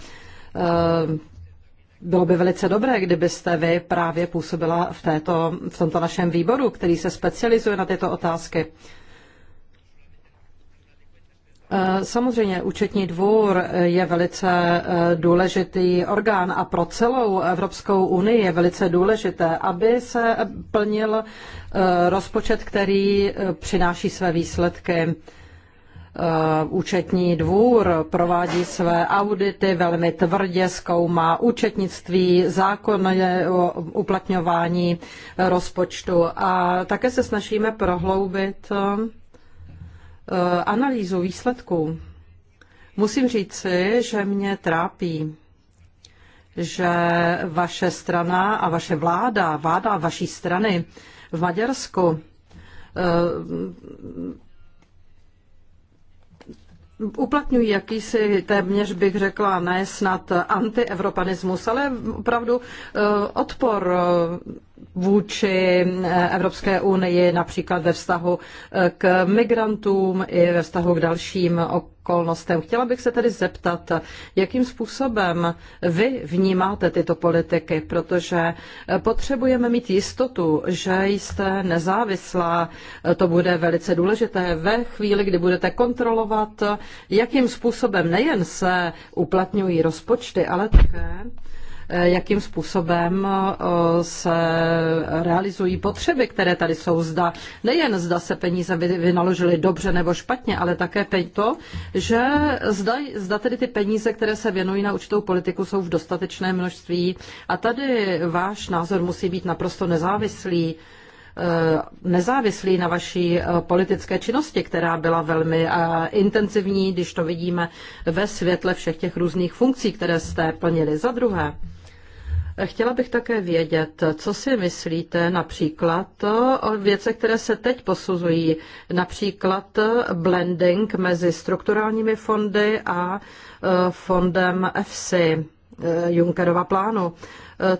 bylo by velice dobré, kdybyste vy právě působila v, této, v tomto našem výboru, který se specializuje na tyto otázky. Eh, samozřejmě účetní dvůr eh, je velice eh, důležitý orgán a pro celou Evropskou unii je velice důležité, aby se plnil rozpočet, který přináší své výsledky. Účetní dvůr provádí své audity, velmi tvrdě zkoumá účetnictví, zákonné uplatňování rozpočtu a také se snažíme prohloubit Eh, analýzu výsledků, musím říci, že mě trápí, že vaše strana a vaše vláda, vláda vaší strany v Maďarsku eh, uplatňují jakýsi téměř bych řekla ne snad antievropanismus, ale opravdu eh, odpor vůči eh, Evropské unii, například ve vztahu eh, k migrantům i ve vztahu k dalším okolnostem. Chtěla bych se tedy zeptat, jakým způsobem vy vnímáte tyto politiky, protože eh, potřebujeme mít jistotu, že jste nezávislá. To bude velice důležité ve chvíli, kdy budete kontrolovat, jakým způsobem nejen se uplatňují rozpočty, ale také Eh, jakým způsobem eh, se realizují potřeby, které tady jsou zda. Nejen zda se peníze vynaložily dobře nebo špatně, ale také to, že zda, zda tedy ty peníze, které se věnují na určitou politiku, jsou v dostatečné množství. A tady váš názor musí být naprosto nezávislý Eh, nezávislý na vaší eh, politické činnosti, která byla velmi eh, intenzivní, když to vidíme ve světle všech těch různých funkcí, které jste plnili. Za druhé, Chtěla bych také vědět, co si myslíte například o věcech, které se teď posuzují, například blending mezi strukturálními fondy a fondem EFSI, Junckerova plánu.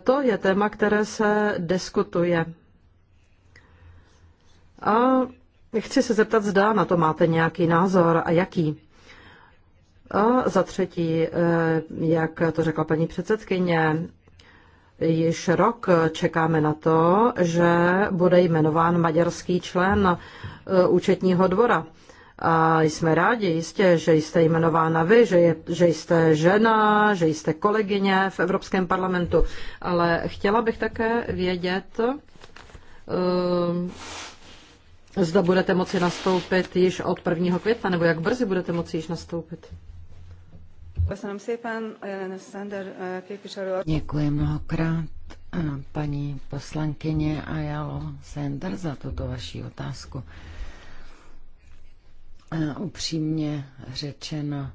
To je téma, které se diskutuje a chci se zeptat, zda na to máte nějaký názor a jaký. A za třetí, eh, jak to řekla paní předsedkyně, Již rok čekáme na to, že bude jmenován maďarský člen eh, účetního dvora. A jsme rádi jistě, že jste jmenována vy, že, je, že jste žena, že jste kolegyně v Evropském parlamentu. Ale chtěla bych také vědět, eh, Zda budete moci nastoupit již od 1. května, nebo jak brzy budete moci již nastoupit? Eh, Děkuji mnohokrát, eh, paní poslankyně Ajalo Sender, za tuto vaši otázku. Eh, upřímně řečeno,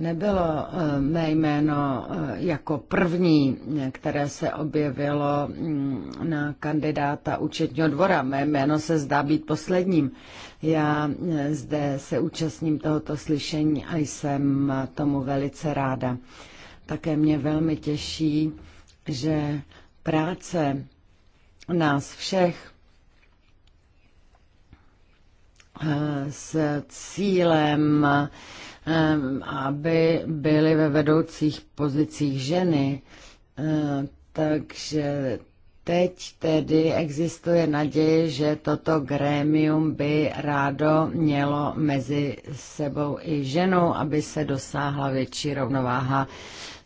nebylo eh, mé jméno eh, jako první, které se objevilo mm, na kandidáta účetního dvora. Mé jméno se zdá být posledním. Já eh, zde se účastním tohoto slyšení a jsem tomu velice ráda. Také mě velmi těší, že práce nás všech s cílem aby byly ve vedoucích pozicích ženy. Takže teď tedy existuje naděje, že toto grémium by rádo mělo mezi sebou i ženou, aby se dosáhla větší rovnováha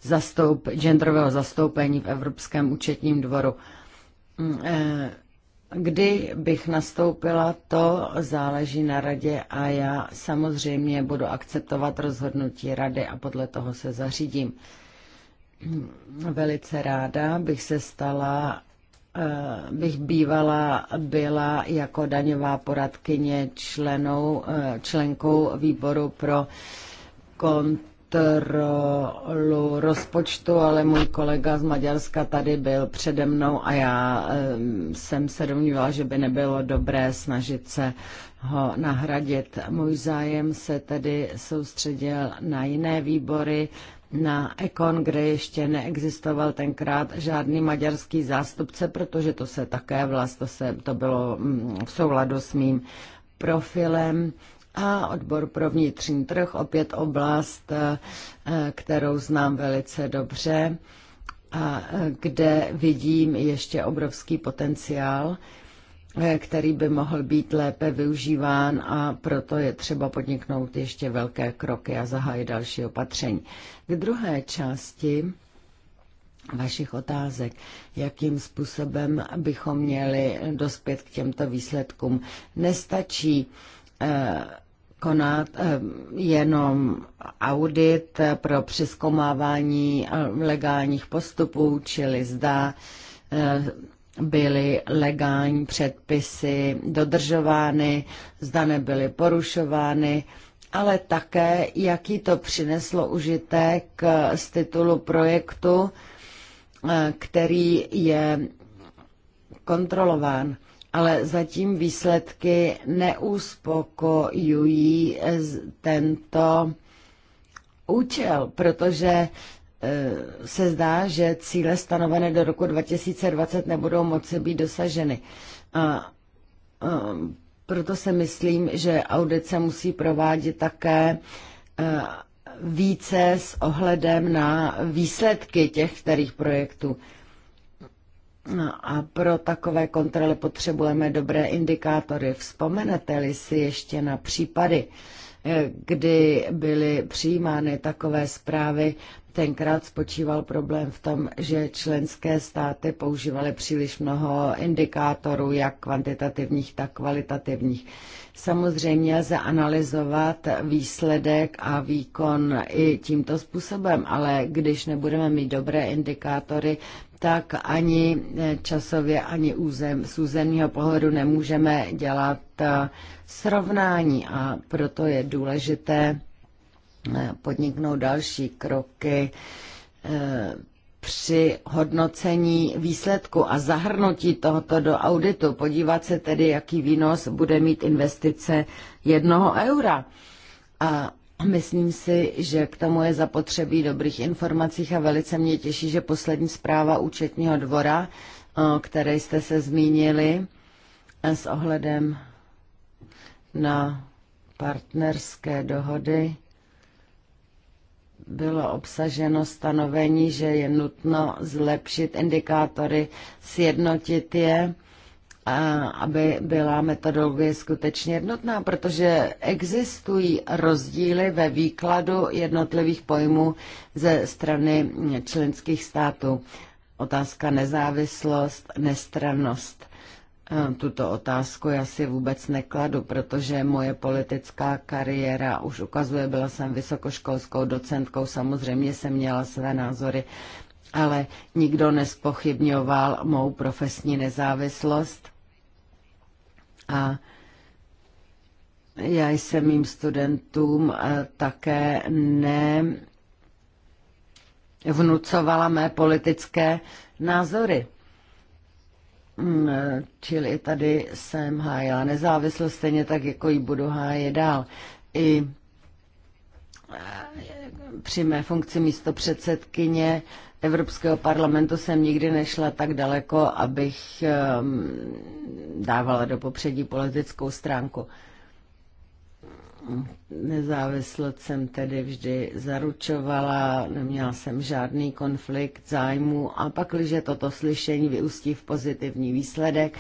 zastoup, genderového zastoupení v Evropském účetním dvoru. Kdy bych nastoupila, to záleží na radě a já samozřejmě budu akceptovat rozhodnutí rady a podle toho se zařídím. Velice ráda bych se stala, eh, bych bývala, byla jako daňová poradkyně členou, eh, členkou výboru pro kont kontrolu rozpočtu, ale můj kolega z Maďarska tady byl přede mnou a já jsem se domnívala, že by nebylo dobré snažit se ho nahradit. Můj zájem se tedy soustředil na jiné výbory, na Ekon, kde ještě neexistoval tenkrát žádný maďarský zástupce, protože to se také vlast, to, se, to bylo mm, v souladu s mým profilem a odbor pro vnitřní trh, opět oblast, eh, kterou znám velice dobře a eh, kde vidím ještě obrovský potenciál, eh, který by mohl být lépe využíván a proto je třeba podniknout ještě velké kroky a zahájit další opatření. K druhé části vašich otázek, jakým způsobem bychom měli dospět k těmto výsledkům. Nestačí konat eh, jenom audit pro přeskomávání eh, legálních postupů, čili zda eh, byly legální předpisy dodržovány, zda nebyly porušovány, ale také, jaký to přineslo užitek z titulu projektu, který je kontrolován ale zatím výsledky neuspokojují eh, tento účel, protože eh, se zdá, že cíle stanovené do roku 2020 nebudou moci být dosaženy. A, a proto se myslím, že audit se musí provádět také eh, více s ohledem na výsledky těch kterých projektů. No a pro takové kontroly potřebujeme dobré indikátory. Vzpomenete-li si ještě na případy, eh, kdy byly přijímány takové zprávy, tenkrát spočíval problém v tom, že členské státy používaly příliš mnoho indikátorů, jak kvantitativních, tak kvalitativních. Samozřejmě lze analyzovat výsledek a výkon i tímto způsobem, ale když nebudeme mít dobré indikátory, tak ani eh, časově, ani územ, z územního pohledu nemůžeme dělat eh, srovnání a proto je důležité eh, podniknout další kroky při hodnocení výsledku a zahrnutí tohoto do auditu, podívat se tedy, jaký výnos bude mít investice jednoho eura. A Myslím si, že k tomu je zapotřebí dobrých informací a velice mě těší, že poslední zpráva účetního dvora, o eh, které jste se zmínili, eh, s ohledem na partnerské dohody bylo obsaženo stanovení, že je nutno zlepšit indikátory, sjednotit je aby byla metodologie skutečně jednotná, protože existují rozdíly ve výkladu jednotlivých pojmů ze strany členských států. Otázka nezávislost, nestrannost. E, tuto otázku já si vůbec nekladu, protože moje politická kariéra už ukazuje, byla jsem vysokoškolskou docentkou, samozřejmě jsem měla své názory, ale nikdo nespochybňoval mou profesní nezávislost a já jsem mým studentům eh, také ne vnucovala mé politické názory. Mm, eh, čili tady jsem hájila nezávislost, stejně tak, jako ji budu hájit dál. I eh, při mé funkci místo předsedkyně Evropského parlamentu jsem nikdy nešla tak daleko, abych ehm, dávala do popředí politickou stránku. Nezávislost jsem tedy vždy zaručovala, neměla jsem žádný konflikt zájmu a pak, když toto slyšení vyústí v pozitivní výsledek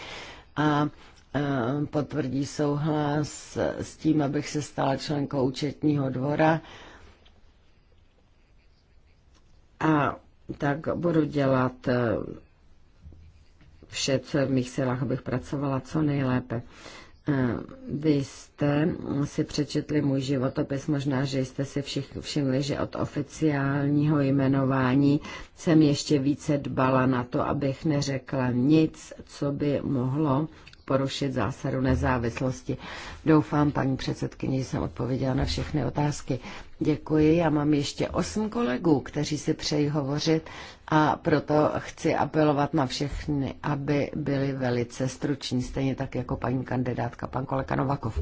a ehm, potvrdí souhlas s tím, abych se stala členkou účetního dvora, a tak budu dělat eh, vše, co je v mých silách, abych pracovala co nejlépe. Eh, vy jste si přečetli můj životopis, možná, že jste si všich, všimli, že od oficiálního jmenování jsem ještě více dbala na to, abych neřekla nic, co by mohlo porušit zásadu nezávislosti. Doufám, paní předsedkyně, že jsem odpověděla na všechny otázky. Děkuji, já mám ještě osm kolegů, kteří si přejí hovořit a proto chci apelovat na všechny, aby byli velice struční, stejně tak jako paní kandidátka, pan kolega Novakov.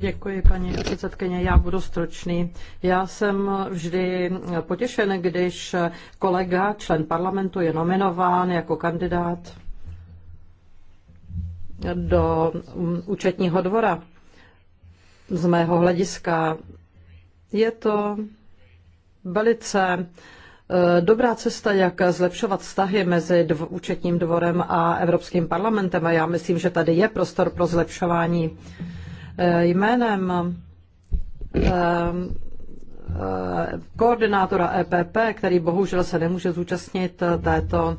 Děkuji, paní předsedkyně. Já budu stručný. Já jsem vždy potěšen, když kolega, člen parlamentu, je nominován jako kandidát do mm, účetního dvora. Z mého hlediska je to velice eh, dobrá cesta, jak zlepšovat vztahy mezi dv- účetním dvorem a Evropským parlamentem. A já myslím, že tady je prostor pro zlepšování eh, jménem eh, koordinátora EPP, který bohužel se nemůže zúčastnit této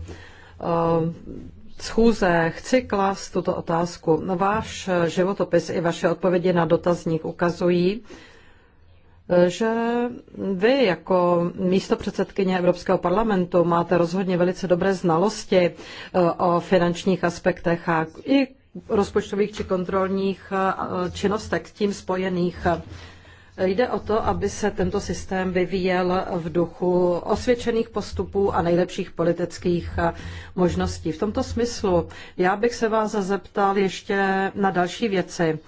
schůze chci klást tuto otázku. Váš životopis i vaše odpovědi na dotazník ukazují, že vy jako místo předsedkyně Evropského parlamentu máte rozhodně velice dobré znalosti eh, o finančních aspektech a i rozpočtových či kontrolních eh, činnostech s tím spojených. Jde o to, aby se tento systém vyvíjel v duchu osvědčených postupů a nejlepších politických eh, možností. V tomto smyslu já bych se vás zeptal ještě na další věci.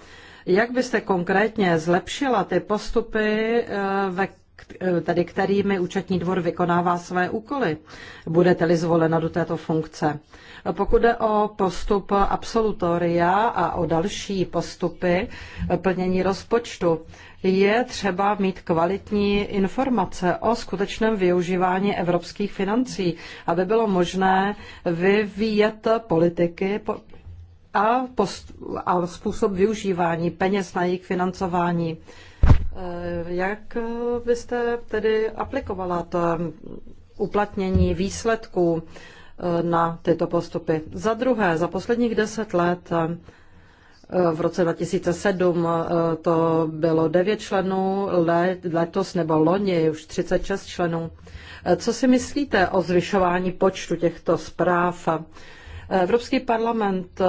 Jak byste konkrétně zlepšila ty postupy, eh, ve eh, tedy kterými účetní dvor vykonává své úkoly, budete-li zvolena do této funkce. Pokud jde o postup absolutoria a o další postupy plnění rozpočtu, je třeba mít kvalitní informace o skutečném využívání evropských financí, aby bylo možné vyvíjet politiky a, post- a způsob využívání peněz na jejich financování. Eh, jak byste tedy aplikovala to uplatnění výsledků eh, na tyto postupy? Za druhé, za posledních deset let Eh, v roce 2007 eh, to bylo 9 členů, letos nebo loni už 36 členů. Eh, co si myslíte o zvyšování počtu těchto zpráv? Evropský parlament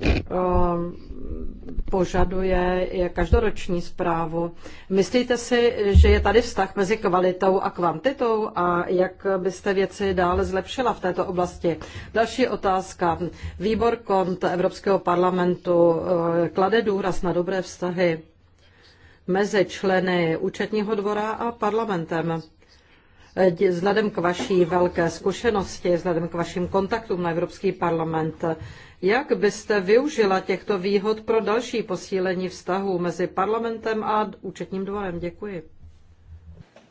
Eh, požaduje každoroční zprávu. Myslíte si, že je tady vztah mezi kvalitou a kvantitou a jak byste věci dále zlepšila v této oblasti? Další otázka. Výbor kont Evropského parlamentu eh, klade důraz na dobré vztahy mezi členy účetního dvora a parlamentem. Eh, vzhledem k vaší velké zkušenosti, vzhledem k vašim kontaktům na Evropský parlament, jak byste využila těchto výhod pro další posílení vztahu mezi parlamentem a účetním dvorem? Děkuji.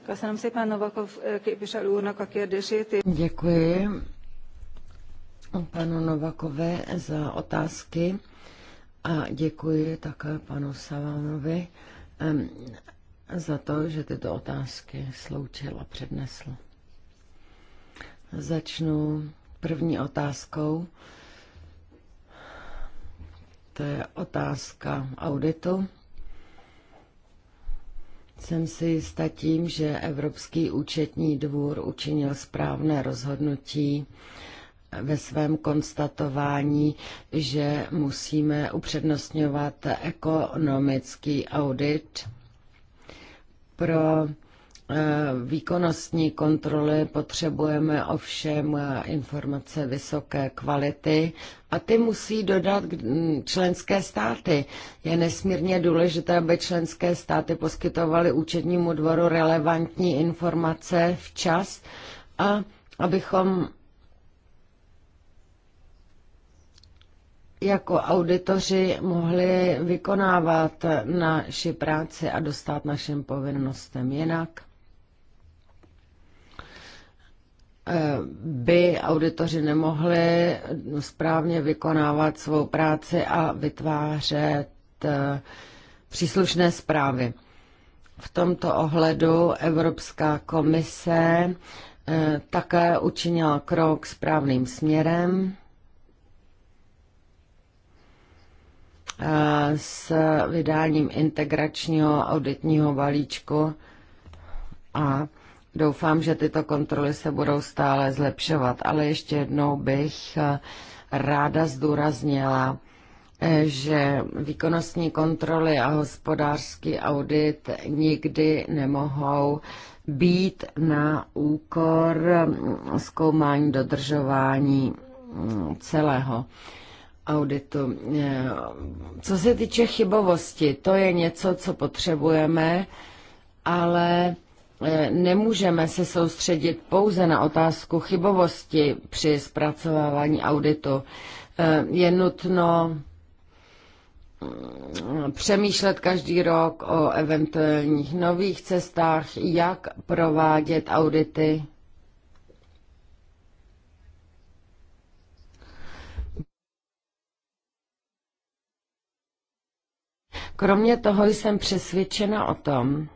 Eh, děkuji panu Novakové za otázky a děkuji také panu Savanovi za to, že tyto otázky sloučil a přednesl. Začnu první otázkou, to je otázka auditu. Jsem si jistá tím, že Evropský účetní dvůr učinil správné rozhodnutí ve svém konstatování, že musíme upřednostňovat ekonomický audit pro Eh, výkonnostní kontroly potřebujeme ovšem eh, informace vysoké kvality a ty musí dodat mm, členské státy. Je nesmírně důležité, aby členské státy poskytovaly účetnímu dvoru relevantní informace včas a abychom jako auditoři mohli vykonávat naši práci a dostat našim povinnostem jinak. Eh, by auditoři nemohli správně vykonávat svou práci a vytvářet eh, příslušné zprávy. V tomto ohledu Evropská komise eh, také učinila krok správným směrem s vydáním integračního auditního balíčku a Doufám, že tyto kontroly se budou stále zlepšovat, ale ještě jednou bych eh, ráda zdůraznila, eh, že výkonnostní kontroly a hospodářský audit nikdy nemohou být na úkor mm, zkoumání dodržování mm, celého auditu. Eh, co se týče chybovosti, to je něco, co potřebujeme, ale Eh, nemůžeme se soustředit pouze na otázku chybovosti při zpracovávání auditu. Eh, je nutno mm, přemýšlet každý rok o eventuálních nových cestách, jak provádět audity. Kromě toho jsem přesvědčena o tom,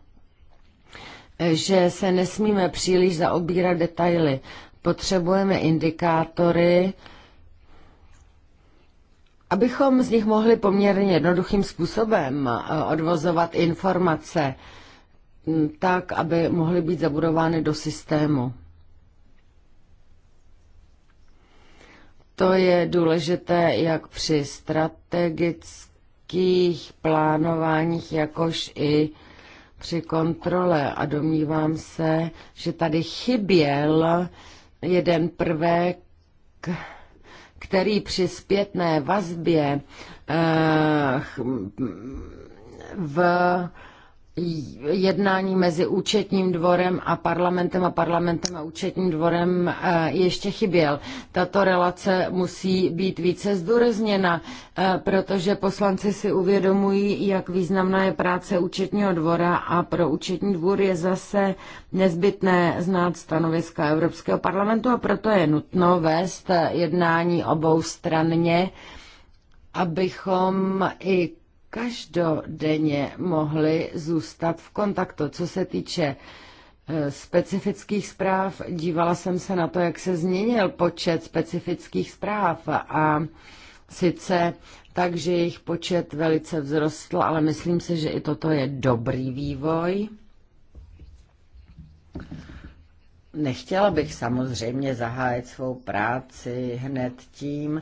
že se nesmíme příliš zaobírat detaily. Potřebujeme indikátory, abychom z nich mohli poměrně jednoduchým způsobem eh, odvozovat informace, mm, tak, aby mohly být zabudovány do systému. To je důležité jak při strategických plánováních, jakož i při kontrole a domnívám se, že tady chyběl jeden prvek, který při zpětné vazbě eh, v jednání mezi účetním dvorem a parlamentem a parlamentem a účetním dvorem eh, ještě chyběl. Tato relace musí být více zdůrazněna, eh, protože poslanci si uvědomují, jak významná je práce účetního dvora a pro účetní dvůr je zase nezbytné znát stanoviska Evropského parlamentu a proto je nutno vést eh, jednání obou straně, abychom i každodenně mohli zůstat v kontaktu. Co se týče e, specifických zpráv, dívala jsem se na to, jak se změnil počet specifických zpráv a sice tak, že jejich počet velice vzrostl, ale myslím si, že i toto je dobrý vývoj. Nechtěla bych samozřejmě zahájit svou práci hned tím,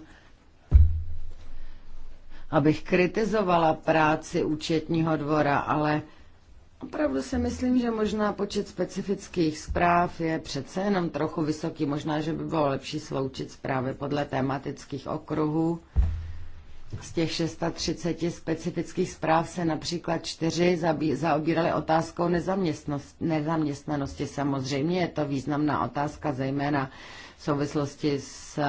abych kritizovala práci účetního dvora, ale opravdu si myslím, že možná počet specifických zpráv je přece jenom trochu vysoký. Možná, že by bylo lepší sloučit zprávy podle tematických okruhů. Z těch 630 specifických zpráv se například čtyři zaobíraly otázkou nezaměstnanosti. Samozřejmě je to významná otázka, zejména v souvislosti s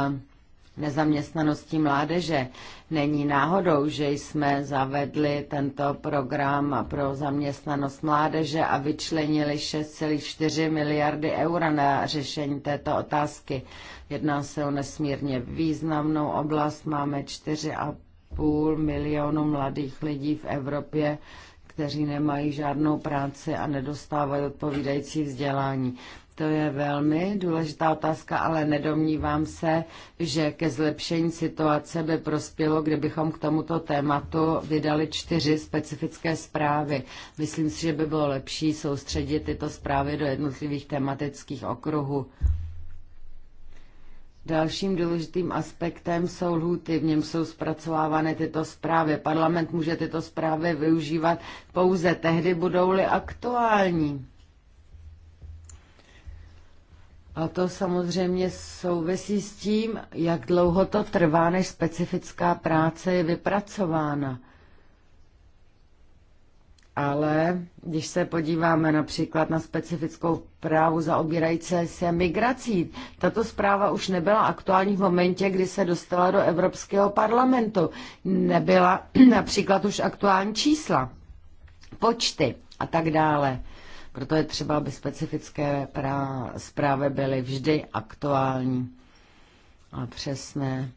nezaměstnanosti mládeže. Není náhodou, že jsme zavedli tento program pro zaměstnanost mládeže a vyčlenili 6,4 miliardy eura na řešení této otázky. Jedná se o nesmírně významnou oblast. Máme 4,5 milionu mladých lidí v Evropě, kteří nemají žádnou práci a nedostávají odpovídající vzdělání. To je velmi důležitá otázka, ale nedomnívám se, že ke zlepšení situace by prospělo, kdybychom k tomuto tématu vydali čtyři specifické zprávy. Myslím si, že by bylo lepší soustředit tyto zprávy do jednotlivých tematických okruhů. Dalším důležitým aspektem jsou lhuty, v něm jsou zpracovávány tyto zprávy. Parlament může tyto zprávy využívat pouze tehdy, budou-li aktuální. A to samozřejmě souvisí s tím, jak dlouho to trvá, než specifická práce je vypracována. Ale když se podíváme například na specifickou právu zaobírající se migrací, tato zpráva už nebyla aktuální v momentě, kdy se dostala do Evropského parlamentu. Nebyla [clears throat] například už aktuální čísla, počty a tak dále. Proto je třeba, aby specifické zprávy byly vždy aktuální a přesné.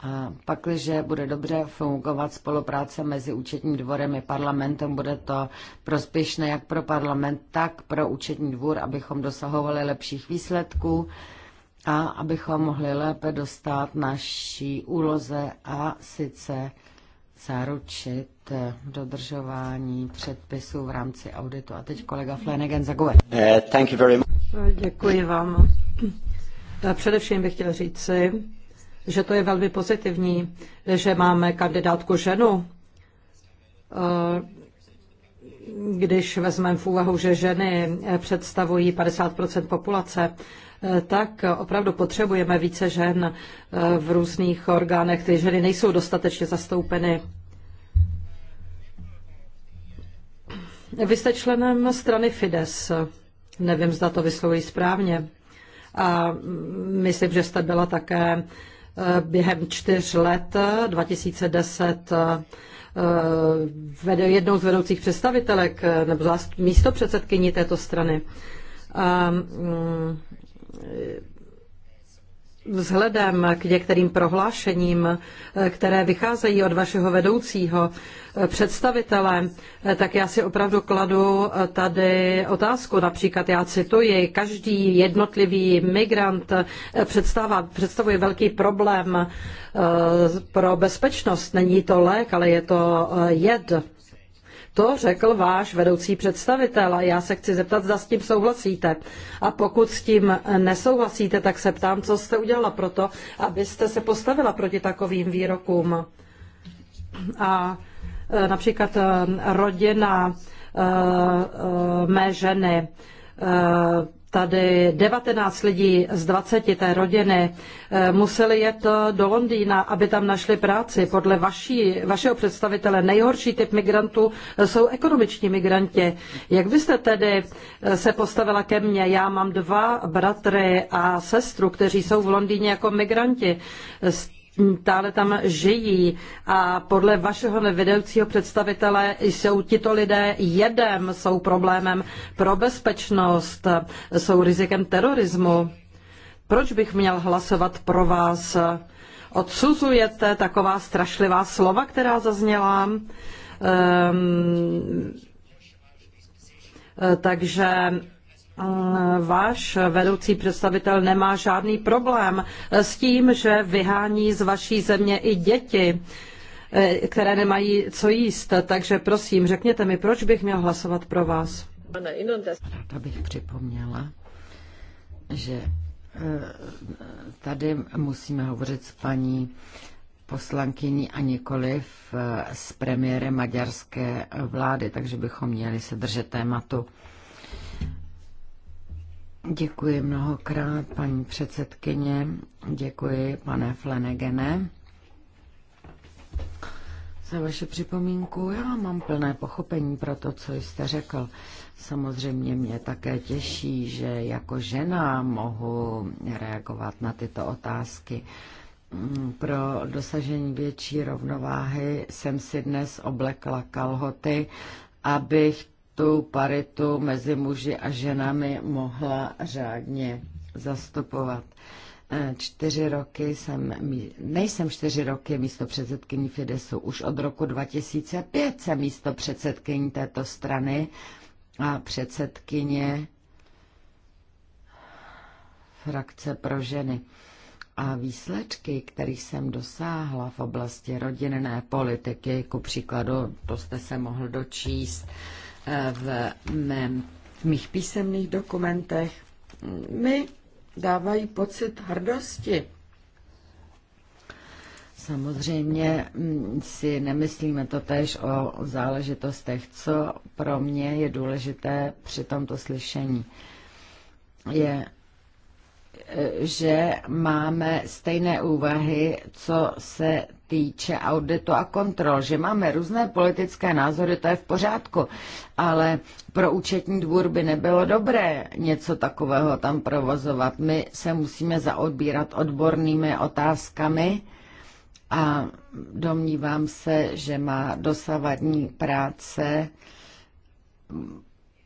A pakliže bude dobře fungovat spolupráce mezi účetním dvorem i parlamentem, bude to prospěšné jak pro parlament, tak pro účetní dvůr, abychom dosahovali lepších výsledků a abychom mohli lépe dostat naší úloze a sice zaručit eh, dodržování předpisů v rámci auditu. A teď kolega Flanagan Zagoe. Eh, thank you very much. Eh, děkuji vám. Především bych chtěl říci, že to je velmi pozitivní, že máme kandidátku ženu. Když vezmeme v úvahu, že ženy představují 50 populace, tak opravdu potřebujeme více žen eh, v různých orgánech. Ty ženy nejsou dostatečně zastoupeny. Vy jste členem strany Fides. Nevím, zda to vyslovují správně. A myslím, že jste byla také eh, během čtyř let 2010 eh, jednou z vedoucích představitelek nebo místo předsedkyní této strany. A mm, vzhledem k některým prohlášením, které vycházejí od vašeho vedoucího eh, představitele, eh, tak já si opravdu kladu eh, tady otázku. Například já cituji, každý jednotlivý migrant představuje velký problém pro bezpečnost. Není to lék, ale je to jed. To řekl váš vedoucí představitel a já se chci zeptat, zda s tím souhlasíte. A pokud s tím nesouhlasíte, tak se ptám, co jste udělala pro to, abyste se postavila proti takovým výrokům. A e, například e, rodina e, mé ženy Tady 19 lidí z 20 té rodiny eh, museli jet eh, do Londýna, aby tam našli práci. Podle vaší, vašeho představitele nejhorší typ migrantů eh, jsou ekonomiční migranti. Jak byste tedy se postavila ke mně? Já mám dva bratry a sestru, kteří jsou v Londýně jako migranti stále mm, tam žijí a podle vašeho vedoucího představitele jsou tito lidé jedem, jsou problémem pro bezpečnost, jsou rizikem terorismu. Proč bych měl hlasovat pro vás? Odsuzujete taková strašlivá slova, která zazněla? Um, takže Eh, váš vedoucí představitel nemá žádný problém s tím, že vyhání z vaší země i děti, eh, které nemají co jíst. Takže prosím, řekněte mi, proč bych měl hlasovat pro vás? Ráda bych připomněla, že eh, tady musíme hovořit s paní poslankyní a nikoliv s premiérem maďarské vlády, takže bychom měli se držet tématu. Děkuji mnohokrát, paní předsedkyně. Děkuji, pane Flenegene, za vaši připomínku. Já mám plné pochopení pro to, co jste řekl. Samozřejmě mě také těší, že jako žena mohu reagovat na tyto otázky. Pro dosažení větší rovnováhy jsem si dnes oblekla kalhoty, abych tu paritu mezi muži a ženami mohla řádně zastupovat. Eh, čtyři roky jsem, nejsem čtyři roky místo předsedkyní Fidesu, už od roku 2005 jsem místo předsedkyní této strany a předsedkyně frakce pro ženy. A výsledky, kterých jsem dosáhla v oblasti rodinné politiky, ku příkladu, to jste se mohl dočíst, v, mém, v mých písemných dokumentech, mi dávají pocit hrdosti. Samozřejmě mm, si nemyslíme to tež o záležitostech, co pro mě je důležité při tomto slyšení. Je, e, že máme stejné úvahy, co se týče auditu a kontrol, že máme různé politické názory, to je v pořádku, ale pro účetní dvůr by nebylo dobré něco takového tam provozovat. My se musíme zaodbírat odbornými otázkami a domnívám se, že má dosavadní práce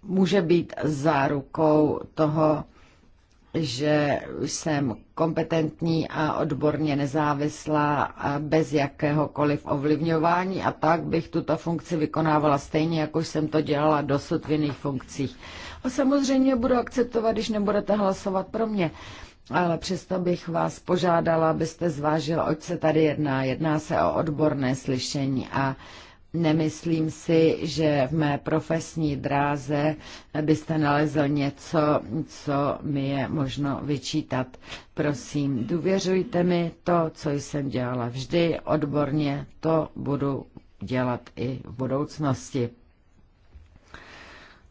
může být zárukou toho, že jsem kompetentní a odborně nezávislá a bez jakéhokoliv ovlivňování a tak bych tuto funkci vykonávala stejně, jako jsem to dělala dosud v jiných funkcích. A samozřejmě budu akceptovat, když nebudete hlasovat pro mě. Ale přesto bych vás požádala, abyste zvážil, oč se tady jedná. Jedná se o odborné slyšení a Nemyslím si, že v mé profesní dráze byste nalezl něco, co mi je možno vyčítat. Prosím, důvěřujte mi to, co jsem dělala vždy, odborně to budu dělat i v budoucnosti.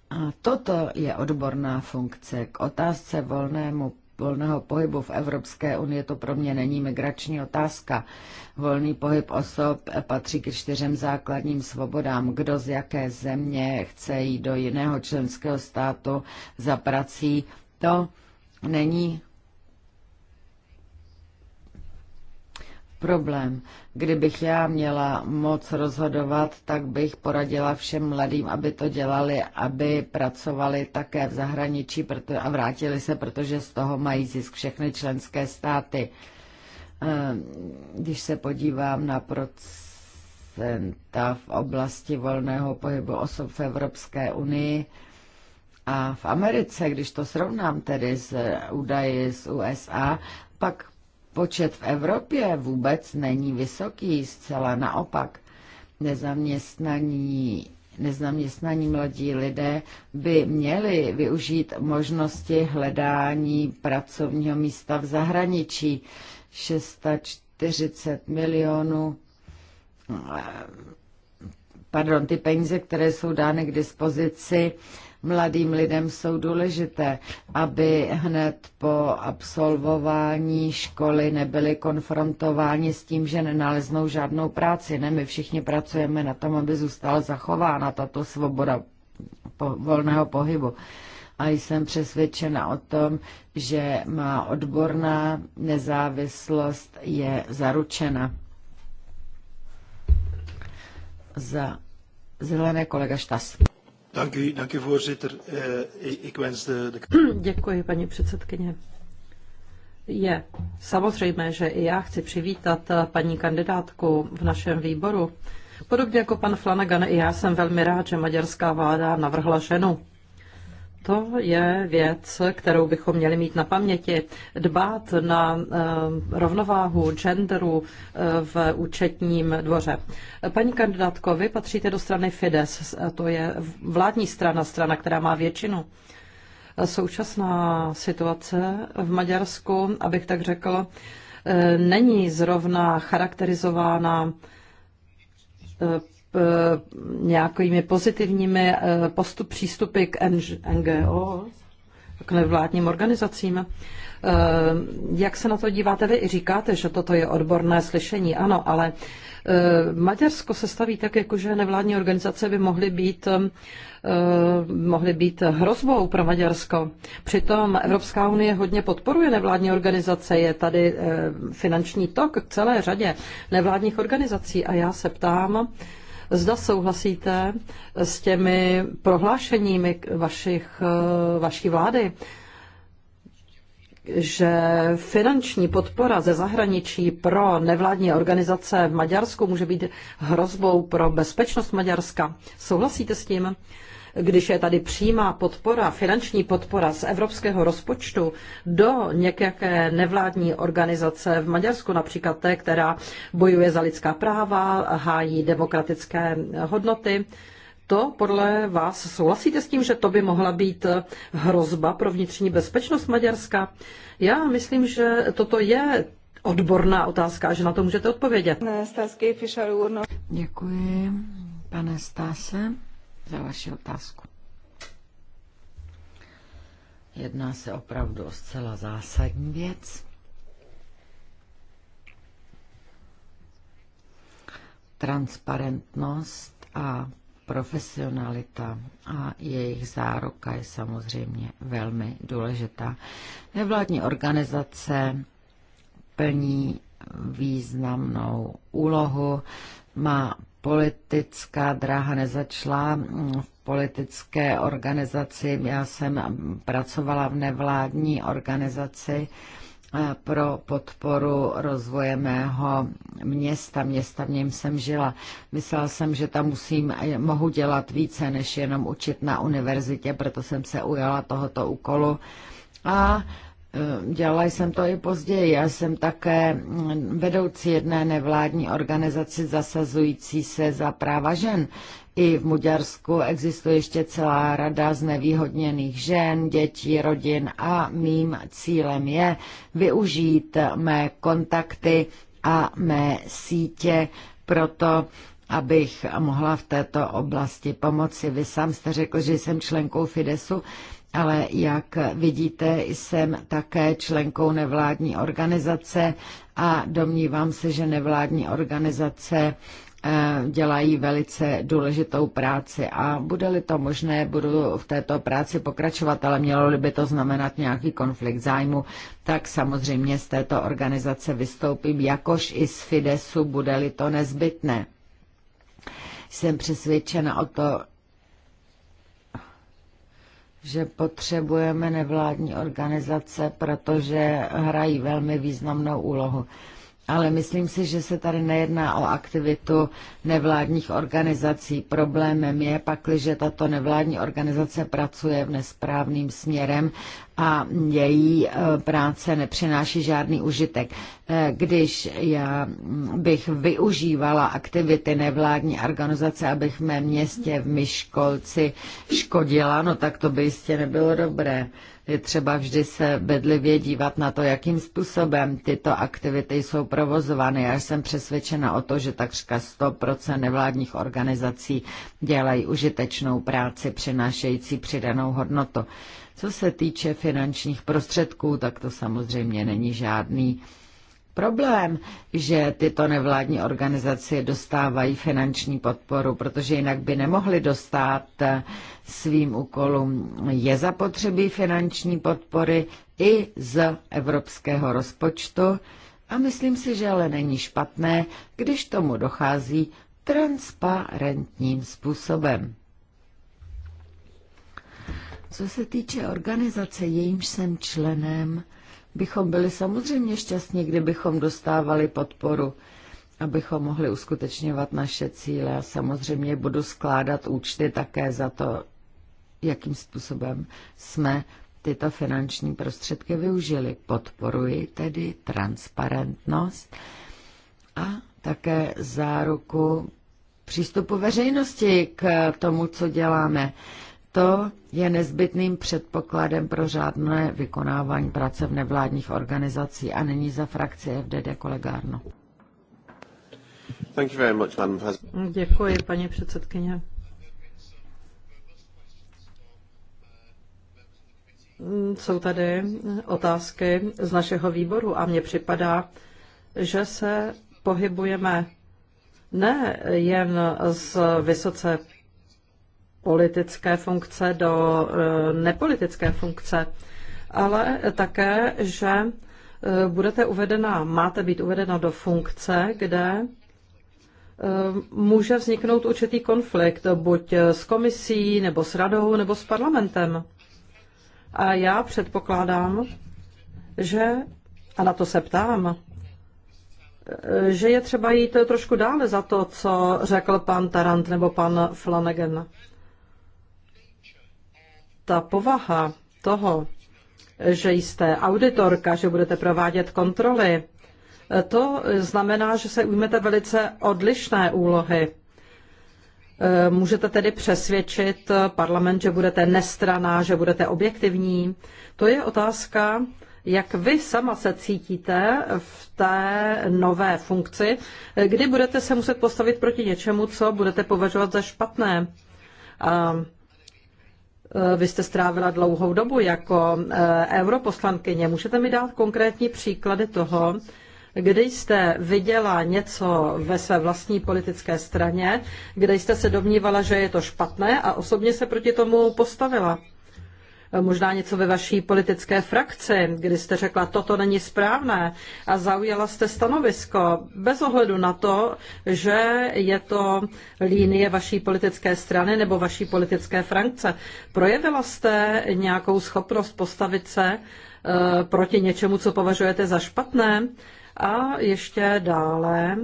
A toto je odborná funkce. K otázce volnému volného pohybu v Evropské unii, to pro mě není migrační otázka. Volný pohyb osob patří k čtyřem základním svobodám. Kdo z jaké země chce jít do jiného členského státu za prací, to není problém. Kdybych já měla moc rozhodovat, tak bych poradila všem mladým, aby to dělali, aby pracovali také v zahraničí a vrátili se, protože z toho mají zisk všechny členské státy. Eh, když se podívám na procenta v oblasti volného pohybu osob v Evropské unii, a v Americe, když to srovnám tedy s údaji z USA, pak Počet v Evropě vůbec není vysoký, zcela naopak. Nezaměstnaní nezaměstnaní mladí lidé by měli využít možnosti hledání pracovního místa v zahraničí. 640 milionů, eh, pardon, ty peníze, které jsou dány k dispozici, mladým lidem jsou důležité, aby hned po absolvování školy nebyli konfrontováni s tím, že nenaleznou žádnou práci. Ne, my všichni pracujeme na tom, aby zůstala zachována tato svoboda po, volného pohybu a jsem přesvědčena o tom, že má odborná nezávislost je zaručena. Za zelené kolega Štas. Dank u, dank u voorzitter. Uh, ik wens de, de... [clears throat] Děkuji, paní předsedkyně. Je samozřejmé, že i já chci přivítat eh, paní kandidátku v našem výboru. Podobně jako pan Flanagan, i já jsem velmi rád, že maďarská vláda navrhla ženu to je věc, kterou bychom měli mít na paměti. Dbát na eh, rovnováhu genderu eh, v účetním dvoře. Paní kandidátko, vy patříte do strany Fides, to je vládní strana, strana, která má většinu. Současná situace v Maďarsku, abych tak řekl, eh, není zrovna charakterizována Eh, nějakými pozitivními eh, postup, přístupy k NGO, k nevládním organizacím. Eh, jak se na to díváte vy? I říkáte, že toto je odborné slyšení, ano, ale Maďarsko se staví tak, jako že nevládní organizace by mohly být, mohly být hrozbou pro Maďarsko. Přitom Evropská unie hodně podporuje nevládní organizace, je tady finanční tok k celé řadě nevládních organizací a já se ptám, Zda souhlasíte s těmi prohlášeními vašich, eh, vaší vlády, že finanční podpora ze zahraničí pro nevládní organizace v Maďarsku může být hrozbou pro bezpečnost Maďarska. Souhlasíte s tím? když je tady přímá podpora, finanční podpora z evropského rozpočtu do nějaké nevládní organizace v Maďarsku, například té, která bojuje za lidská práva, hájí demokratické hodnoty, to podle vás souhlasíte s tím, že to by mohla být hrozba pro vnitřní bezpečnost Maďarska? Já myslím, že toto je odborná otázka že na to můžete odpovědět. Děkuji, pane Stase za vaši otázku. Jedná se opravdu o zcela zásadní věc. Transparentnost a profesionalita a jejich záruka je samozřejmě velmi důležitá. Nevládní organizace plní významnou úlohu, má politická dráha nezačala v politické organizaci. Já jsem pracovala v nevládní organizaci eh, pro podporu rozvoje mého města, města, v něm jsem žila. Myslela jsem, že tam musím, eh, mohu dělat více, než jenom učit na univerzitě, proto jsem se ujala tohoto úkolu. A Eh, dělala jsem to i později. Já jsem také mm, vedoucí jedné nevládní organizaci zasazující se za práva žen. I v Maďarsku existuje ještě celá rada znevýhodněných žen, dětí, rodin a mým cílem je využít mé kontakty a mé sítě proto, abych mohla v této oblasti pomoci. Vy sám jste řekl, že jsem členkou Fidesu ale jak vidíte, jsem také členkou nevládní organizace a domnívám se, že nevládní organizace eh, dělají velice důležitou práci a bude-li to možné, budu v této práci pokračovat, ale mělo-li by to znamenat nějaký konflikt zájmu, tak samozřejmě z této organizace vystoupím, jakož i z Fidesu, bude-li to nezbytné. Jsem přesvědčena o, to, že potřebujeme nevládní organizace, protože hrají velmi významnou úlohu. Ale myslím si, že se tady nejedná o aktivitu nevládních organizací. Problémem je pak, že tato nevládní organizace pracuje v nesprávným směrem a její e, práce nepřináší žádný užitek. E, když já bych využívala aktivity nevládní organizace, abych v mém městě v Myškolci škodila, no tak to by jistě nebylo dobré. Je třeba vždy se bedlivě dívat na to, jakým způsobem tyto aktivity jsou provozovány. Já jsem přesvědčena o to, že takřka 100% nevládních organizací dělají užitečnou práci přinášející přidanou hodnotu. Co se týče finančních prostředků, tak to samozřejmě není žádný problém, že tyto nevládní organizace dostávají finanční podporu, protože jinak by nemohly dostat eh, svým úkolům. Je zapotřebí finanční podpory i z evropského rozpočtu a myslím si, že ale není špatné, když tomu dochází transparentním způsobem. Co se týče organizace, jejímž jsem členem, bychom byli samozřejmě šťastní, kdybychom dostávali podporu, abychom mohli uskutečňovat naše cíle. A samozřejmě budu skládat účty také za to, jakým způsobem jsme tyto finanční prostředky využili. Podporuji tedy transparentnost a také záruku přístupu veřejnosti k tomu, co děláme. To je nezbytným předpokladem pro řádné vykonávání práce v nevládních organizací a není za frakci FDD kolegárno. Děkuji, paní předsedkyně. Jsou tady otázky z našeho výboru a mně připadá, že se pohybujeme ne jen z vysoce politické funkce do eh, nepolitické funkce, ale také, že eh, budete uvedena, máte být uvedena do funkce, kde eh, může vzniknout určitý konflikt, buď s komisí, nebo s radou, nebo s parlamentem. A já předpokládám, že, a na to se ptám, že je třeba jít trošku dále za to, co řekl pan Tarant nebo pan Flanagan ta povaha toho, že jste auditorka, že budete provádět kontroly, to znamená, že se ujmete velice odlišné úlohy. Eh, můžete tedy přesvědčit parlament, že budete nestraná, že budete objektivní. To je otázka, jak vy sama se cítíte v té nové funkci, kdy budete se muset postavit proti něčemu, co budete považovat za špatné. A Eh, vy jste strávila dlouhou dobu jako eh, europoslankyně. Můžete mi dát konkrétní příklady toho, kde jste viděla něco ve své vlastní politické straně, kde jste se domnívala, že je to špatné a osobně se proti tomu postavila? možná něco ve vaší politické frakci, kdy jste řekla, toto není správné a zaujala jste stanovisko bez ohledu na to, že je to línie vaší politické strany nebo vaší politické frakce. Projevila jste nějakou schopnost postavit se eh, proti něčemu, co považujete za špatné a ještě dále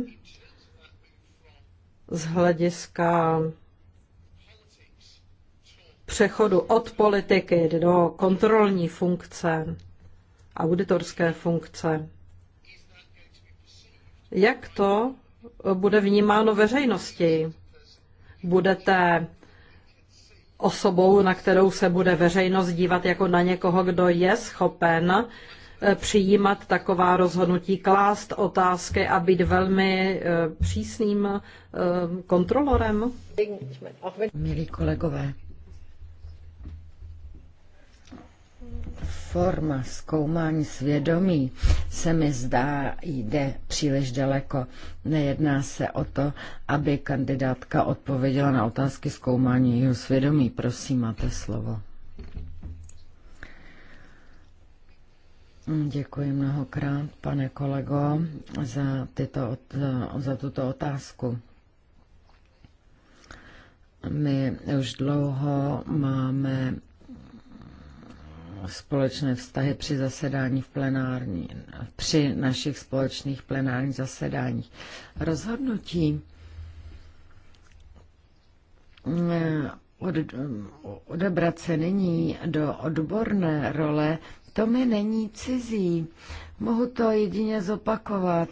z hlediska přechodu od politiky do kontrolní funkce, auditorské funkce. Jak to bude vnímáno veřejnosti? Budete osobou, na kterou se bude veřejnost dívat jako na někoho, kdo je schopen eh, přijímat taková rozhodnutí, klást otázky a být velmi eh, přísným eh, kontrolorem? Milí kolegové, forma zkoumání svědomí se mi zdá jde příliš daleko. Nejedná se o to, aby kandidátka odpověděla na otázky zkoumání jeho svědomí. Prosím, máte slovo. Děkuji mnohokrát, pane kolego, za, tyto, za, za tuto otázku. My už dlouho máme společné vztahy při zasedání v plenární, při našich společných plenárních zasedáních. Rozhodnutí eh, odebrat se nyní do odborné role, to mi není cizí. Mohu to jedině zopakovat.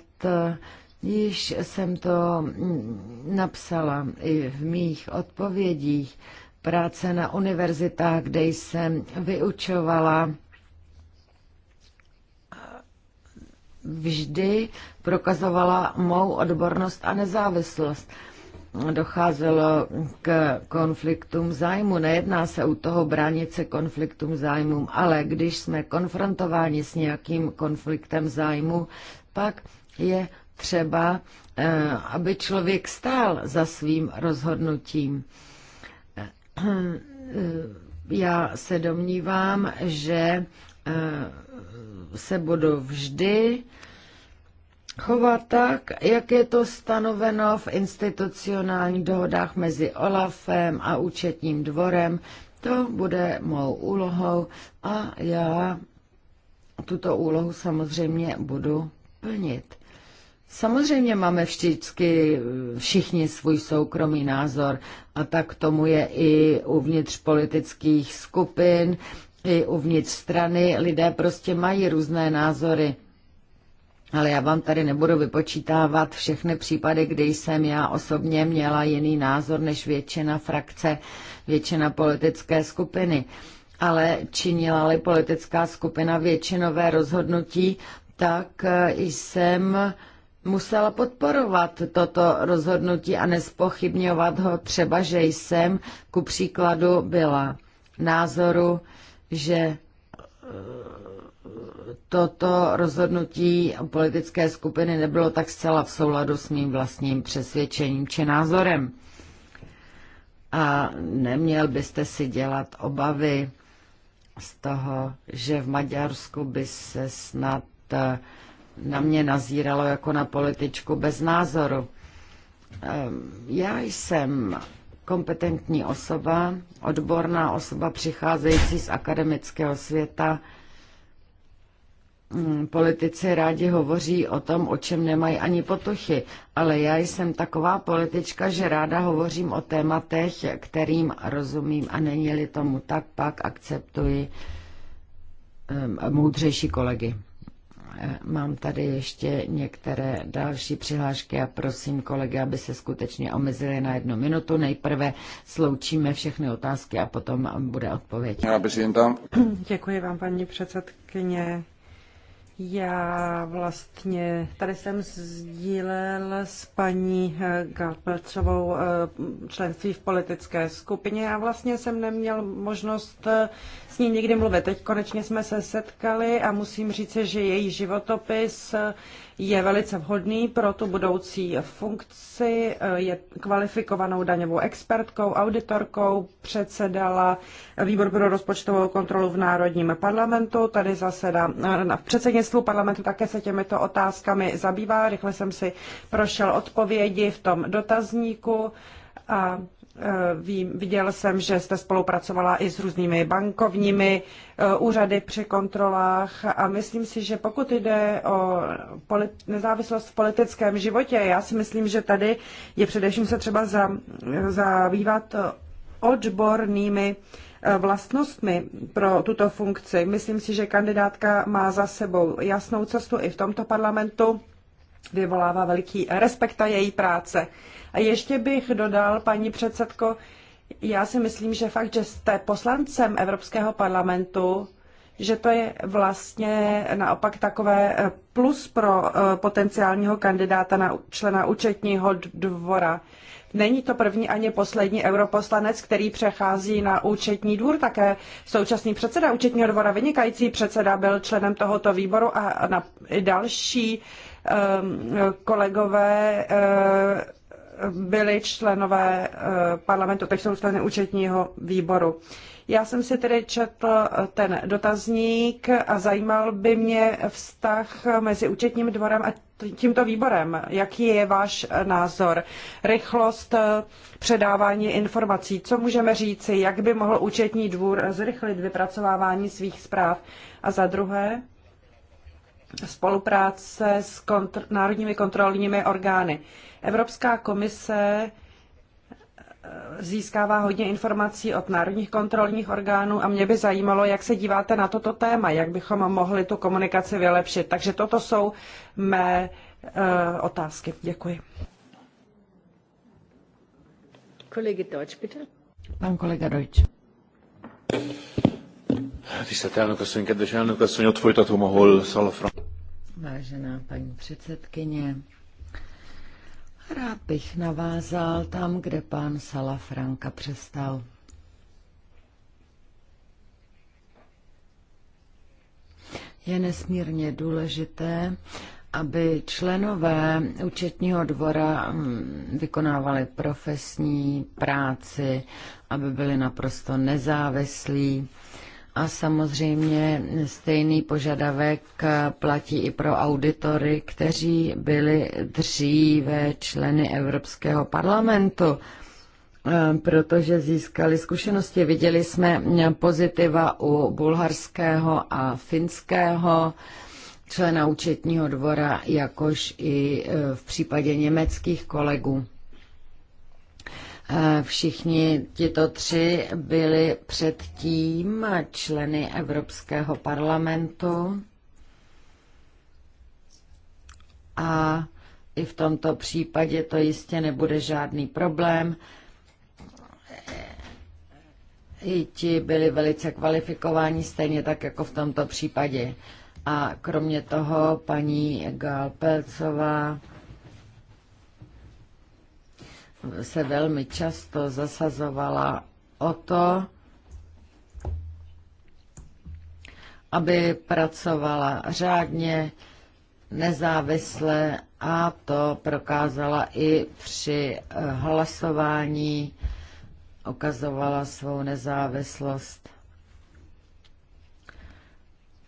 Již jsem to mm, napsala i v mých odpovědích práce na univerzitách, kde jsem vyučovala, vždy prokazovala mou odbornost a nezávislost. Docházelo k konfliktům zájmu. Nejedná se u toho bránit se konfliktům zájmu, ale když jsme konfrontováni s nějakým konfliktem zájmu, pak je třeba, eh, aby člověk stál za svým rozhodnutím. [clears throat] já se domnívám, že eh, se budu vždy chovat tak, jak je to stanoveno v institucionálních dohodách mezi OLAFem a účetním dvorem. To bude mou úlohou a já tuto úlohu samozřejmě budu plnit. Samozřejmě máme vždycky eh, všichni svůj soukromý názor a tak tomu je i uvnitř politických skupin, i uvnitř strany. Lidé prostě mají různé názory. Ale já vám tady nebudu vypočítávat všechny případy, kdy jsem já osobně měla jiný názor než většina frakce, většina politické skupiny. Ale činila-li politická skupina většinové rozhodnutí, tak eh, jsem musela podporovat toto rozhodnutí a nespochybňovat ho třeba, že jsem ku příkladu byla názoru, že eh, toto rozhodnutí politické skupiny nebylo tak zcela v souladu s mým vlastním přesvědčením či názorem. A neměl byste si dělat obavy z toho, že v Maďarsku by se snad uh, na mě nazíralo jako na političku bez názoru. Ehm, já jsem kompetentní osoba, odborná osoba přicházející z akademického světa. Hm, politici rádi hovoří o tom, o čem nemají ani potuchy, ale já jsem taková politička, že ráda hovořím o tématech, kterým rozumím a není-li tomu tak, pak akceptuji ehm, moudřejší kolegy. Eh, mám tady ještě některé další přihlášky a prosím kolegy, aby se skutečně omezili na jednu minutu. Nejprve sloučíme všechny otázky a potom bude odpověď. [clears throat] Děkuji vám, paní předsedkyně. Já vlastně tady jsem sdílel s paní eh, Galpelcovou eh, členství v politické skupině a vlastně jsem neměl možnost s ní někdy mluvit. Teď konečně jsme se setkali a musím říct, že její životopis je velice vhodný pro tu budoucí funkci. Je kvalifikovanou daňovou expertkou, auditorkou, předsedala výbor pro rozpočtovou kontrolu v Národním parlamentu. Tady zasedá v předsednictvu parlamentu také se těmito otázkami zabývá. Rychle jsem si prošel odpovědi v tom dotazníku a Eh, vím, viděl jsem, že jste spolupracovala i s různými bankovními eh, úřady při kontrolách a myslím si, že pokud jde o nezávislost v politickém životě, já si myslím, že tady je především se třeba za, zabývat odbornými eh, vlastnostmi pro tuto funkci. Myslím si, že kandidátka má za sebou jasnou cestu i v tomto parlamentu vyvolává veliký respekt a její práce. A ještě bych dodal, paní předsedko, já si myslím, že fakt, že jste poslancem Evropského parlamentu, že to je vlastně naopak takové eh, plus pro eh, potenciálního kandidáta na člena účetního dvora. Není to první ani poslední europoslanec, který přechází na účetní dvůr, také současný předseda účetního dvora, vynikající předseda, byl členem tohoto výboru a na další Ehm, kolegové ehm, byli členové ehm, parlamentu, teď jsou členy účetního výboru. Já jsem si tedy četl ten dotazník a zajímal by mě vztah mezi účetním dvorem a tímto výborem. Jaký je váš názor? Rychlost eh, předávání informací. Co můžeme říci? Jak by mohl účetní dvůr zrychlit vypracovávání svých zpráv? A za druhé, spolupráce s kontr- národními kontrolními orgány. Evropská komise eh, získává hodně informací od národních kontrolních orgánů a mě by zajímalo, jak se díváte na toto téma, jak bychom mohli tu komunikaci vylepšit. Takže toto jsou mé e, otázky. Děkuji. Kolegy Deutsch, bitte. Pan kolega Deutsch. Tisztelt kedves ott folytatom, ahol Szalafra. Vážená paní předsedkyně, rád bych navázal tam, kde pán Salafranka přestal. Je nesmírně důležité, aby členové účetního dvora mm, vykonávali profesní práci, aby byli naprosto nezávislí a samozřejmě stejný požadavek platí i pro auditory, kteří byli dříve členy Evropského parlamentu, eh, protože získali zkušenosti. Viděli jsme pozitiva u bulharského a finského člena účetního dvora, jakož i eh, v případě německých kolegů. Eh, všichni tito tři byli předtím členy Evropského parlamentu a i v tomto případě to jistě nebude žádný problém. Eh, I ti byli velice kvalifikováni, stejně tak jako v tomto případě. A kromě toho paní Galpelcová se velmi často zasazovala o to, aby pracovala řádně, nezávisle a to prokázala i při eh, hlasování, ukazovala svou nezávislost.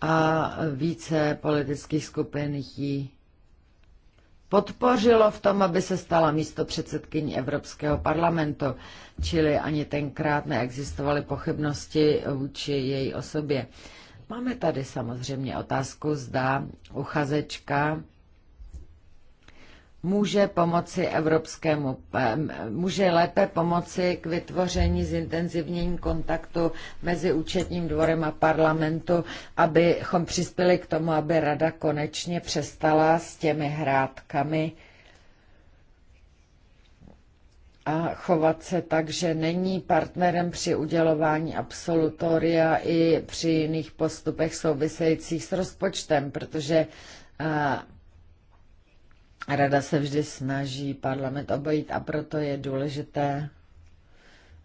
A více politických skupin jí podpořilo v tom, aby se stala místo předsedkyní Evropského parlamentu, čili ani tenkrát neexistovaly pochybnosti vůči její osobě. Máme tady samozřejmě otázku, zda uchazečka může pomoci evropskému, může lépe pomoci k vytvoření zintenzivnění kontaktu mezi účetním dvorem a parlamentu, abychom přispěli k tomu, aby rada konečně přestala s těmi hrátkami a chovat se tak, že není partnerem při udělování absolutoria i při jiných postupech souvisejících s rozpočtem, protože Rada se vždy snaží parlament obejít a proto je důležité,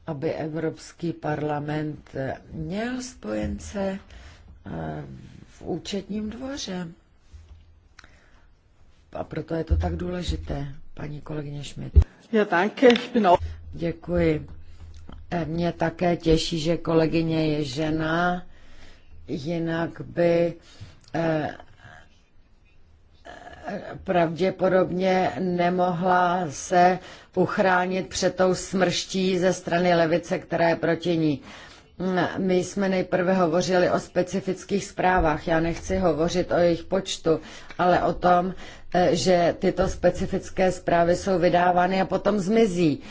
aby Evropský parlament měl spojence eh, v účetním dvoře. A proto je to tak důležité, paní kolegyně Schmidt. Já také. Děkuji. Eh, mě také těší, že kolegyně je žena, jinak by eh, pravděpodobně nemohla se uchránit před tou smrští ze strany levice, která je proti ní. Mm, my jsme nejprve hovořili o specifických zprávách. Já nechci hovořit o jejich počtu, ale o tom, eh, že tyto specifické zprávy jsou vydávány a potom zmizí.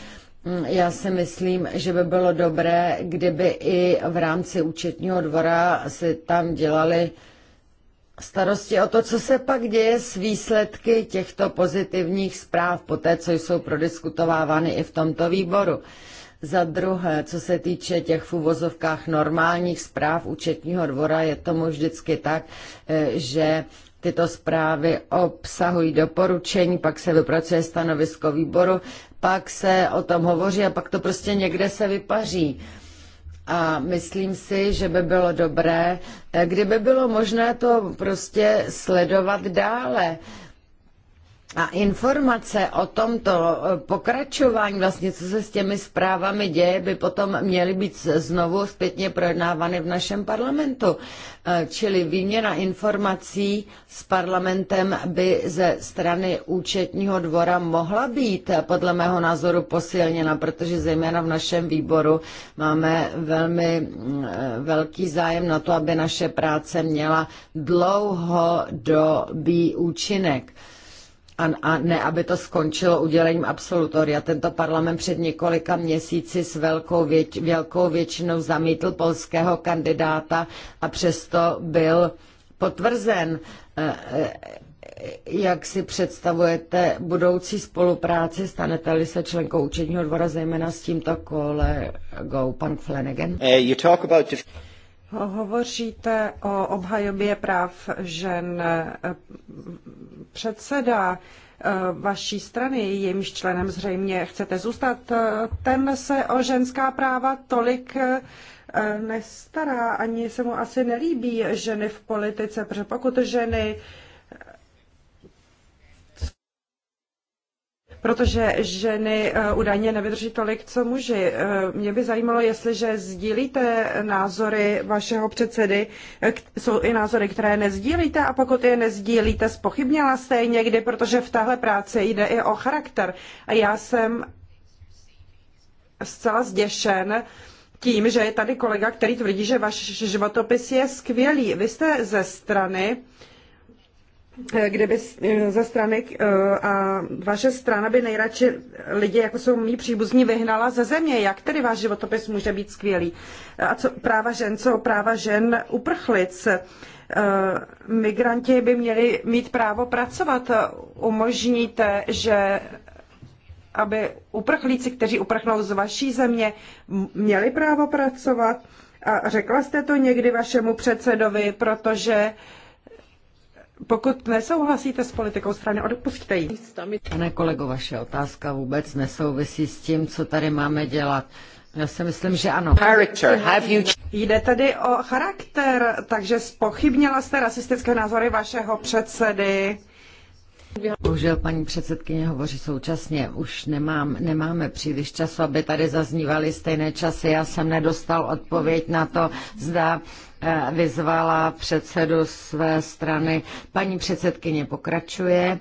Mm, já si myslím, že by bylo dobré, kdyby i v rámci účetního dvora si tam dělali starosti o to, co se pak děje s výsledky těchto pozitivních zpráv, po té, co jsou prodiskutovávány i v tomto výboru. Za druhé, co se týče těch v uvozovkách normálních zpráv účetního dvora, je tomu vždycky tak, eh, že tyto zprávy obsahují doporučení, pak se vypracuje stanovisko výboru, pak se o tom hovoří a pak to prostě někde se vypaří. A myslím si, že by bylo dobré, eh, kdyby bylo možné to prostě sledovat dále a informace o tomto eh, pokračování, vlastně co se s těmi zprávami děje, by potom měly být znovu zpětně projednávány v našem parlamentu. Eh, čili výměna informací s parlamentem by ze strany účetního dvora mohla být eh, podle mého názoru posilněna, protože zejména v našem výboru máme velmi mm, velký zájem na to, aby naše práce měla dlouhodobý účinek a, ne, aby to skončilo udělením absolutoria. Tento parlament před několika měsíci s velkou, věč, velkou většinou zamítl polského kandidáta a přesto byl potvrzen. E, e, jak si představujete budoucí spolupráci? Stanete-li se členkou účetního dvora, zejména s tímto kolegou, pan Flanagan? Uh, Hovoříte o obhajobě práv žen. Předseda eh, vaší strany, jejímž členem zřejmě chcete zůstat, eh, ten se o ženská práva tolik eh, nestará, ani se mu asi nelíbí ženy v politice, protože pokud ženy protože ženy eh, údajně nevydrží tolik, co muži. Eh, mě by zajímalo, jestliže sdílíte názory vašeho předsedy, eh, jsou i názory, které nezdílíte a pokud je nezdílíte, spochybněla jste je někdy, protože v téhle práci jde i o charakter. A já jsem zcela zděšen, tím, že je tady kolega, který tvrdí, že váš životopis je skvělý. Vy jste ze strany, Eh, kde by eh, ze strany eh, a vaše strana by nejradši lidi, jako jsou mý příbuzní, vyhnala ze země. Jak tedy váš životopis může být skvělý? A co práva žen, co práva žen uprchlic? Migranti by měli mít právo pracovat. Umožníte, že aby uprchlíci, kteří uprchnou z vaší země, měli právo pracovat? A řekla jste to někdy vašemu předsedovi, protože uh, pokud nesouhlasíte s politikou strany, odpustíte ji. Pane kolego, vaše otázka vůbec nesouvisí s tím, co tady máme dělat. Já si myslím, že ano. Jde tedy o charakter, takže spochybnila jste rasistické názory vašeho předsedy Bohužel paní předsedkyně hovoří současně. Už nemám, nemáme příliš času, aby tady zaznívaly stejné časy. Já jsem nedostal odpověď na to, zda eh, vyzvala předsedu své strany. Paní předsedkyně pokračuje.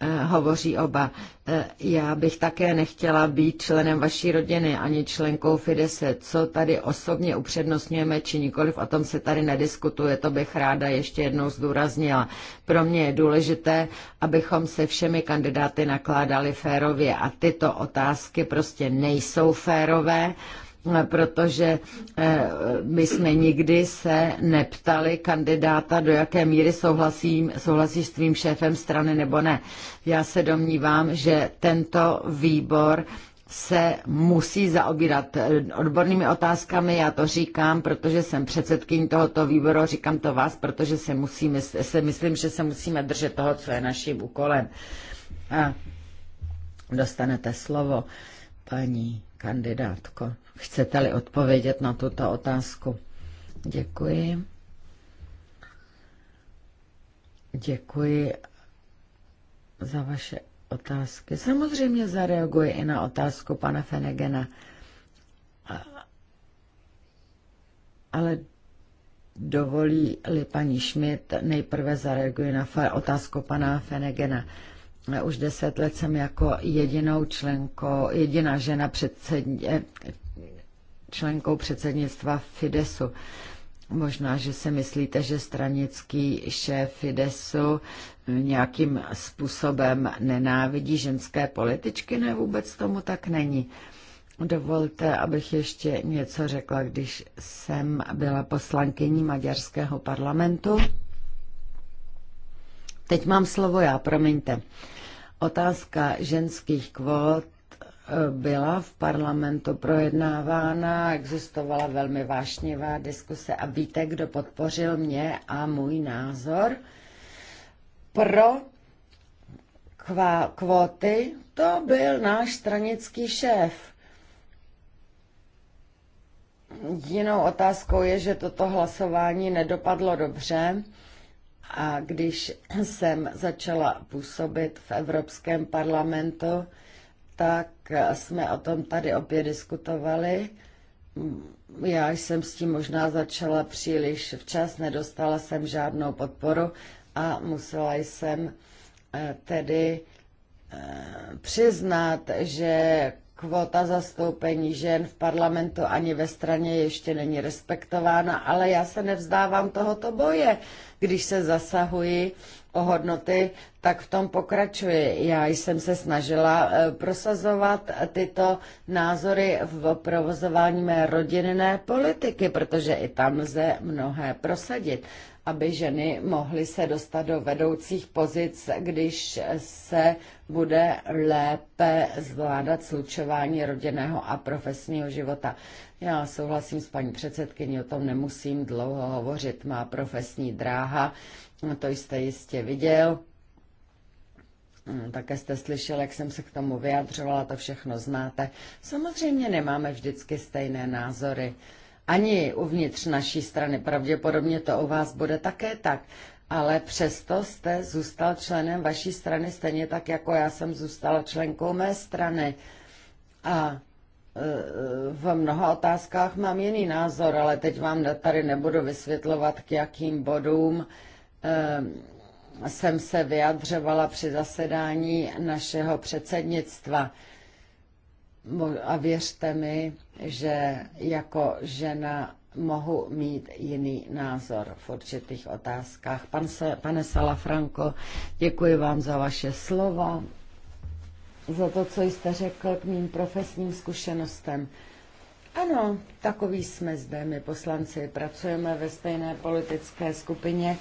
Eh, hovoří oba. Eh, já bych také nechtěla být členem vaší rodiny ani členkou Fidese. Co tady osobně upřednostňujeme či nikoliv, o tom se tady nediskutuje, to bych ráda ještě jednou zdůraznila. Pro mě je důležité, abychom se všemi kandidáty nakládali férově a tyto otázky prostě nejsou férové protože eh, my jsme nikdy se neptali kandidáta, do jaké míry souhlasím, souhlasí s tvým šéfem strany nebo ne. Já se domnívám, že tento výbor se musí zaobírat odbornými otázkami. Já to říkám, protože jsem předsedkyní tohoto výboru, říkám to vás, protože se, musíme, se myslím, že se musíme držet toho, co je naším úkolem. A dostanete slovo, paní kandidátko. Chcete-li odpovědět na tuto otázku? Děkuji. Děkuji za vaše otázky. Samozřejmě zareaguji i na otázku pana Fenegena. Ale dovolí-li paní Schmidt, nejprve zareaguji na otázku pana Fenegena. Už deset let jsem jako jedinou členko, jediná žena předsedně, členkou předsednictva Fidesu. Možná, že se myslíte, že stranický šéf Fidesu nějakým způsobem nenávidí ženské političky, ne vůbec tomu tak není. Dovolte, abych ještě něco řekla, když jsem byla poslankyní maďarského parlamentu. Teď mám slovo já, promiňte. Otázka ženských kvót byla v parlamentu projednávána, existovala velmi vášnivá diskuse a víte, kdo podpořil mě a můj názor pro kvóty, to byl náš stranický šéf. Jinou otázkou je, že toto hlasování nedopadlo dobře. A když jsem začala působit v Evropském parlamentu, tak jsme o tom tady opět diskutovali. Já jsem s tím možná začala příliš včas, nedostala jsem žádnou podporu a musela jsem eh, tedy eh, přiznat, že kvota zastoupení žen v parlamentu ani ve straně ještě není respektována, ale já se nevzdávám tohoto boje, když se zasahuji O hodnoty, tak v tom pokračuji. Já jsem se snažila eh, prosazovat tyto názory v provozování mé rodinné politiky, protože i tam lze mnohé prosadit aby ženy mohly se dostat do vedoucích pozic, když se bude lépe zvládat slučování rodinného a profesního života. Já souhlasím s paní předsedkyní, o tom nemusím dlouho hovořit, má profesní dráha No, to jste jistě viděl. Mm, také jste slyšel, jak jsem se k tomu vyjadřovala, to všechno znáte. Samozřejmě nemáme vždycky stejné názory. Ani uvnitř naší strany, pravděpodobně to u vás bude také tak. Ale přesto jste zůstal členem vaší strany stejně tak, jako já jsem zůstala členkou mé strany. A e, v mnoha otázkách mám jiný názor, ale teď vám tady nebudu vysvětlovat, k jakým bodům Ehm, jsem se vyjadřovala při zasedání našeho předsednictva. A věřte mi, že jako žena mohu mít jiný názor v určitých otázkách. Pan se, pane Salafranko, děkuji vám za vaše slova, za to, co jste řekl k mým profesním zkušenostem. Ano, takový jsme zde. My poslanci pracujeme ve stejné politické skupině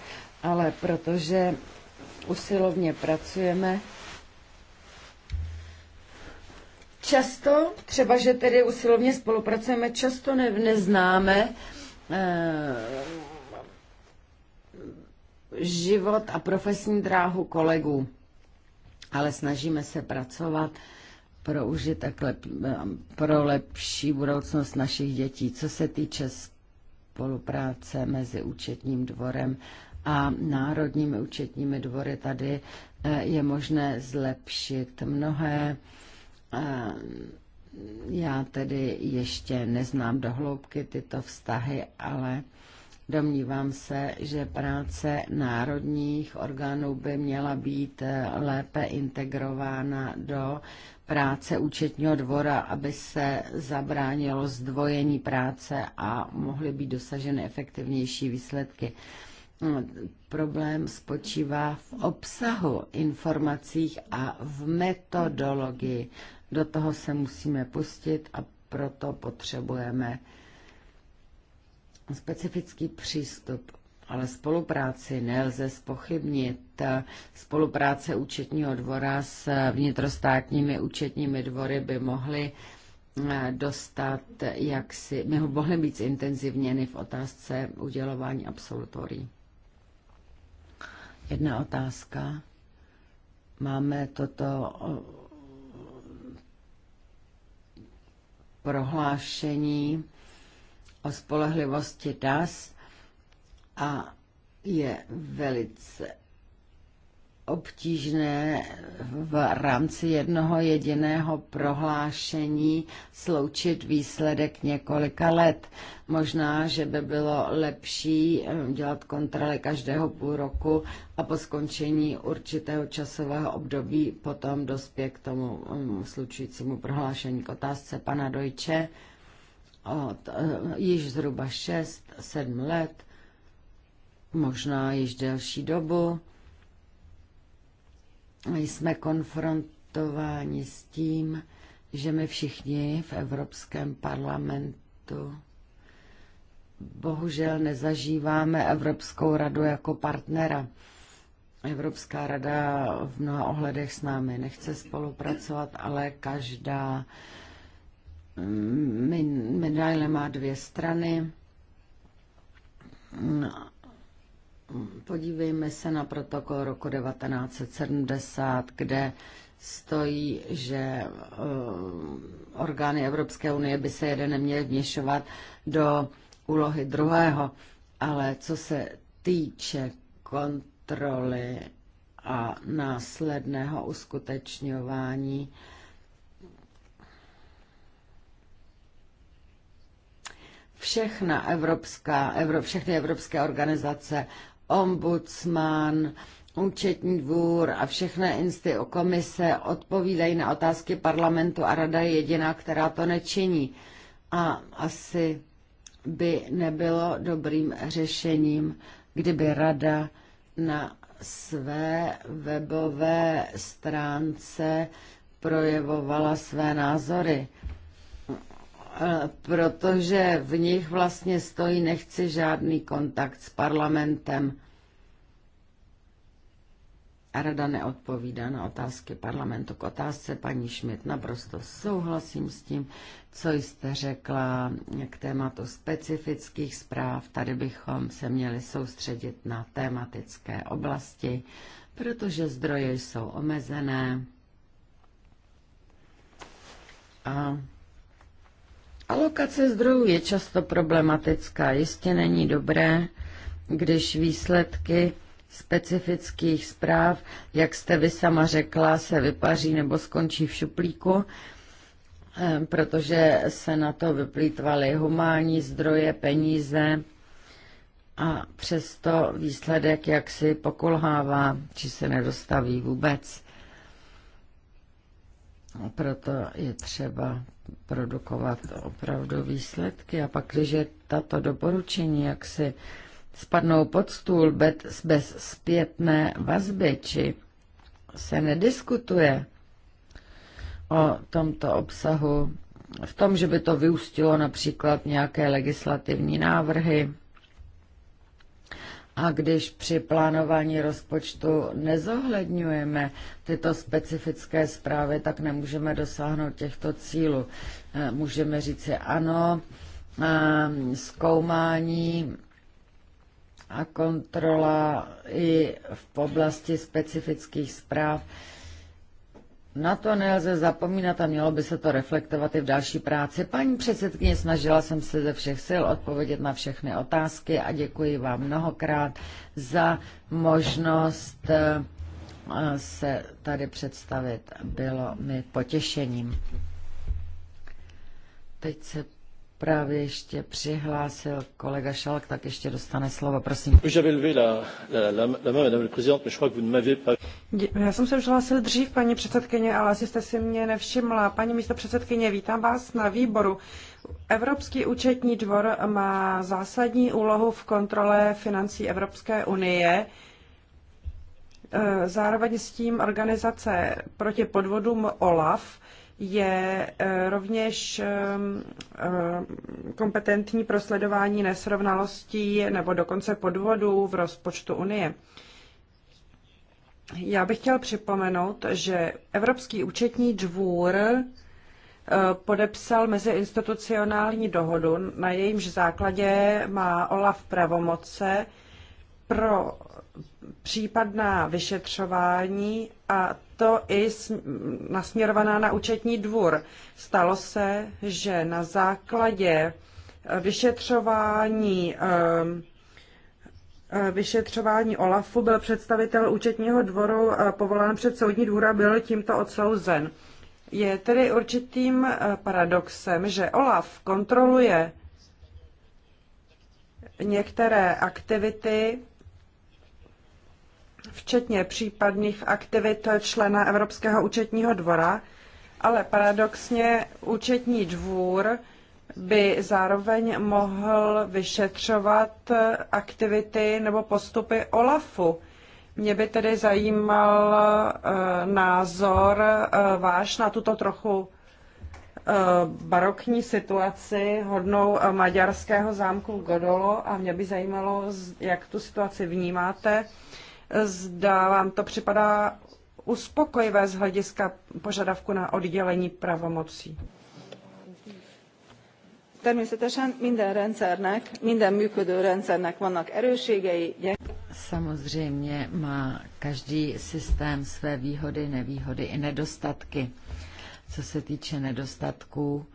ale protože usilovně pracujeme, často, třeba že tedy usilovně spolupracujeme, často ne, neznáme e, život a profesní dráhu kolegů, ale snažíme se pracovat pro užitek lep, pro lepší budoucnost našich dětí. Co se týče spolupráce mezi účetním dvorem a národními účetními dvory tady eh, je možné zlepšit mnohé. Já tedy ještě neznám dohloubky tyto vztahy, ale Domnívám se, že práce národních orgánů by měla být eh, lépe integrována do práce účetního dvora, aby se zabránilo zdvojení práce a mohly být dosaženy efektivnější výsledky. No, problém spočívá v obsahu informacích a v metodologii. Do toho se musíme pustit a proto potřebujeme specifický přístup. Ale spolupráci nelze spochybnit. Spolupráce účetního dvora s vnitrostátními účetními dvory by mohly eh, dostat, jak si, by mohly být intenzivněny v otázce udělování absolutorií. Jedna otázka. Máme toto prohlášení o spolehlivosti DAS a je velice obtížné v rámci jednoho jediného prohlášení sloučit výsledek několika let. Možná, že by bylo lepší eh, dělat kontroly každého půl roku a po skončení určitého časového období potom dospět k tomu mm, slučujícímu prohlášení. K otázce pana Dojče od, eh, již zhruba 6-7 let, možná již delší dobu, jsme konfrontováni s tím, že my všichni v Evropském parlamentu bohužel nezažíváme Evropskou radu jako partnera. Evropská rada v mnoha ohledech s námi nechce spolupracovat, ale každá medaile mm, má dvě strany Podívejme se na protokol roku 1970, kde stojí, že eh, orgány Evropské unie by se jeden neměly vměšovat do úlohy druhého, ale co se týče kontroly a následného uskutečňování, všechna evropská, evro, všechny evropské organizace ombudsman, účetní dvůr a všechny insty o komise odpovídají na otázky parlamentu a rada je jediná, která to nečiní. A asi by nebylo dobrým řešením, kdyby rada na své webové stránce projevovala své názory. Eh, protože v nich vlastně stojí nechci žádný kontakt s parlamentem. A rada neodpovídá na otázky parlamentu. K otázce paní Šmit naprosto souhlasím s tím, co jste řekla k tématu specifických zpráv. Tady bychom se měli soustředit na tématické oblasti, protože zdroje jsou omezené. A Alokace zdrojů je často problematická. Jistě není dobré, když výsledky specifických zpráv, jak jste vy sama řekla, se vypaří nebo skončí v šuplíku, eh, protože se na to vyplýtvaly humánní zdroje, peníze a přesto výsledek jaksi pokulhává, či se nedostaví vůbec. Proto je třeba produkovat opravdu výsledky. A pak, když tato doporučení, jak si spadnou pod stůl bez, bez zpětné vazby, či se nediskutuje o tomto obsahu, v tom, že by to vyústilo například nějaké legislativní návrhy, a když při plánování rozpočtu nezohledňujeme tyto specifické zprávy, tak nemůžeme dosáhnout těchto cílů. Eh, můžeme říci ano, eh, zkoumání a kontrola i v oblasti specifických zpráv na to nelze zapomínat a mělo by se to reflektovat i v další práci. Paní předsedkyně, snažila jsem se ze všech sil odpovědět na všechny otázky a děkuji vám mnohokrát za možnost eh, se tady představit. Bylo mi potěšením. Teď se právě ještě přihlásil kolega Šalk, tak ještě dostane slovo, prosím. Já jsem se už hlásil dřív, paní předsedkyně, ale asi jste si mě nevšimla. Paní místo předsedkyně, vítám vás na výboru. Evropský účetní dvor má zásadní úlohu v kontrole financí Evropské unie. E, zároveň s tím organizace proti podvodům OLAF je e, rovněž e, kompetentní pro sledování nesrovnalostí nebo dokonce podvodů v rozpočtu Unie. Já bych chtěl připomenout, že Evropský účetní dvůr eh, podepsal meziinstitucionální dohodu, na jejímž základě má OLAF pravomoce pro případná vyšetřování a to i nasměrovaná na účetní dvůr. Stalo se, že na základě vyšetřování um, Eh, vyšetřování OLAFu byl představitel účetního dvoru eh, povolán před soudní dvůra, byl tímto odsouzen. Je tedy určitým eh, paradoxem, že OLAF kontroluje některé aktivity, včetně případných aktivit člena Evropského účetního dvora, ale paradoxně účetní dvůr by zároveň mohl vyšetřovat aktivity nebo postupy OLAFu. Mě by tedy zajímal eh, názor eh, váš na tuto trochu eh, barokní situaci hodnou maďarského zámku Godolo a mě by zajímalo, jak tu situaci vnímáte. Zda vám to připadá uspokojivé z hlediska požadavku na oddělení pravomocí. Természetesen minden rendszernek, minden működő rendszernek vannak erősségei. Samozřejmě má každý systém své výhody, nevýhody i nedostatky. Co se týče nedostatků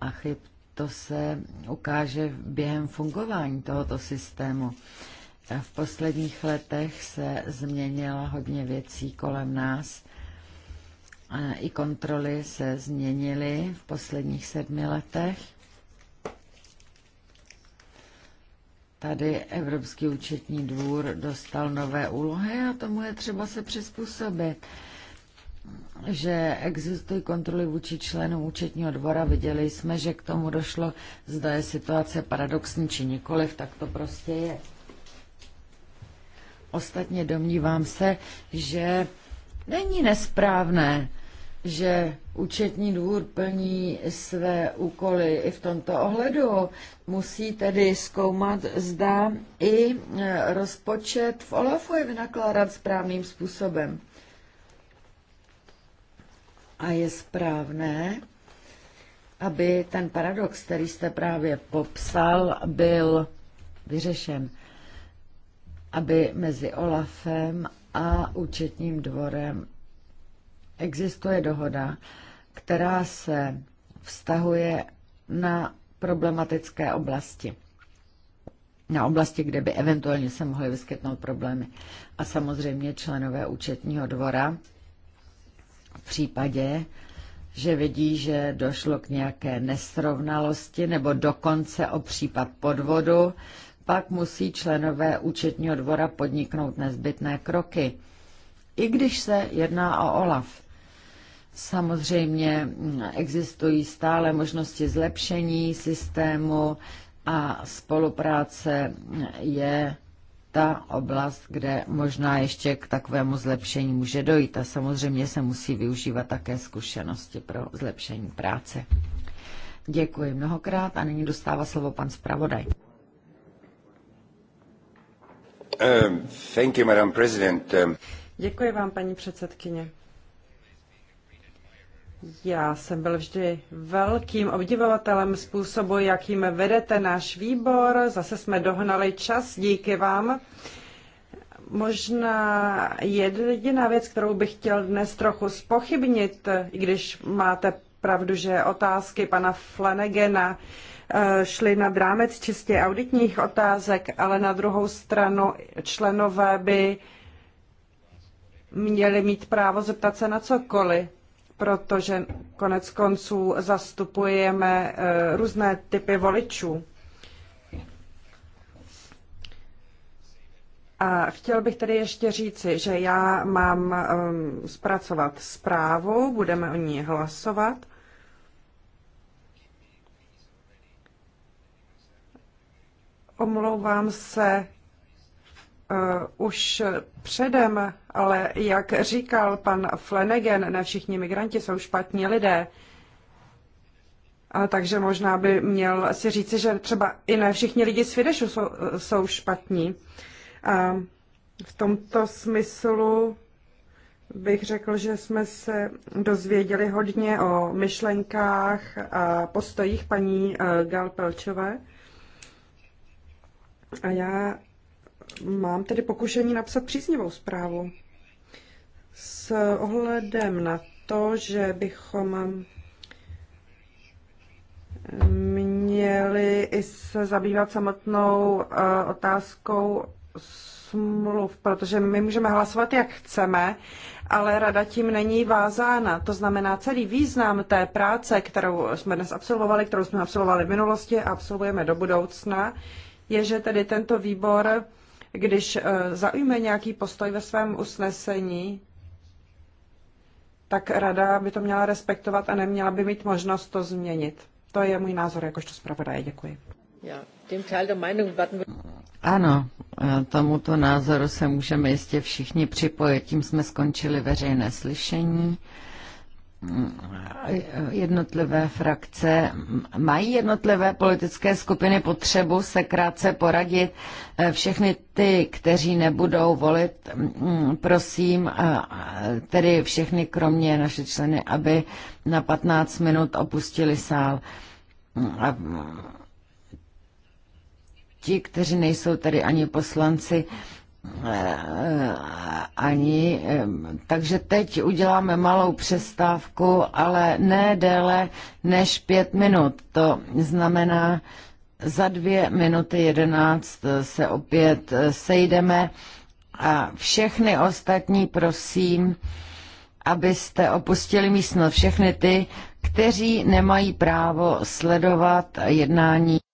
a chyb, to se ukáže během fungování tohoto systému. V posledních letech se změnila hodně věcí kolem nás. I kontroly se změnily v posledních sedmi letech. Tady Evropský účetní dvůr dostal nové úlohy a tomu je třeba se přizpůsobit že existují kontroly vůči členům účetního dvora. Viděli jsme, že k tomu došlo. Zda je situace paradoxní či nikoliv, tak to prostě je. Ostatně domnívám se, že není nesprávné že účetní dvůr plní své úkoly i v tomto ohledu. Musí tedy zkoumat, zda i e, rozpočet v OLAFu je vynakládat správným způsobem. A je správné, aby ten paradox, který jste právě popsal, byl vyřešen. Aby mezi OLAFem a účetním dvorem Existuje dohoda, která se vztahuje na problematické oblasti. Na oblasti, kde by eventuálně se mohly vyskytnout problémy. A samozřejmě členové účetního dvora v případě, že vidí, že došlo k nějaké nesrovnalosti nebo dokonce o případ podvodu, pak musí členové účetního dvora podniknout nezbytné kroky, i když se jedná o OLAF. Samozřejmě existují stále možnosti zlepšení systému a spolupráce je ta oblast, kde možná ještě k takovému zlepšení může dojít. A samozřejmě se musí využívat také zkušenosti pro zlepšení práce. Děkuji mnohokrát a nyní dostává slovo pan zpravodaj. Um, thank you, Madam President. Um, Děkuji vám, paní předsedkyně. Já jsem byl vždy velkým obdivovatelem způsobu, jakým vedete náš výbor. Zase jsme dohnali čas, díky vám. Možná jediná věc, kterou bych chtěl dnes trochu spochybnit, i když máte pravdu, že otázky pana Flanagena eh, šly nad rámec čistě auditních otázek, ale na druhou stranu členové by měli mít právo zeptat se na cokoliv protože konec konců zastupujeme eh, různé typy voličů. A chtěl bych tedy ještě říci, že já mám ehm, zpracovat zprávu, budeme o ní hlasovat. Omlouvám se uh, už předem ale jak říkal pan Flanagan, ne všichni migranti jsou špatní lidé. A takže možná by měl si říci, že třeba i ne všichni lidi z Fidešu jsou, jsou špatní. A v tomto smyslu bych řekl, že jsme se dozvěděli hodně o myšlenkách a postojích paní eh, Galpelčové. A já mám tedy pokušení napsat příznivou zprávu. S ohledem na to, že bychom měli i se zabývat samotnou eh, otázkou smluv, protože my můžeme hlasovat, jak chceme, ale rada tím není vázána. To znamená, celý význam té práce, kterou jsme dnes absolvovali, kterou jsme absolvovali v minulosti a absolvujeme do budoucna, je, že tedy tento výbor když eh, zaujme nějaký postoj ve svém usnesení, tak rada by to měla respektovat a neměla by mít možnost to změnit. To je můj názor jakožto zpravodaje. Děkuji. Ano, eh, tomuto názoru se můžeme jistě všichni připojit. Tím jsme skončili veřejné slyšení jednotlivé frakce, mají jednotlivé politické skupiny potřebu se krátce poradit. Eh, všechny ty, kteří nebudou volit, mm, prosím, eh, tedy všechny kromě naše členy, aby na 15 minut opustili sál. Mm, a mm, ti, kteří nejsou tedy ani poslanci, Eh, ani, takže teď uděláme malou přestávku, ale ne déle než pět minut. To znamená, za dvě minuty jedenáct eh, se opět eh, sejdeme a všechny ostatní prosím, abyste opustili místnost. Všechny ty, kteří nemají právo sledovat jednání.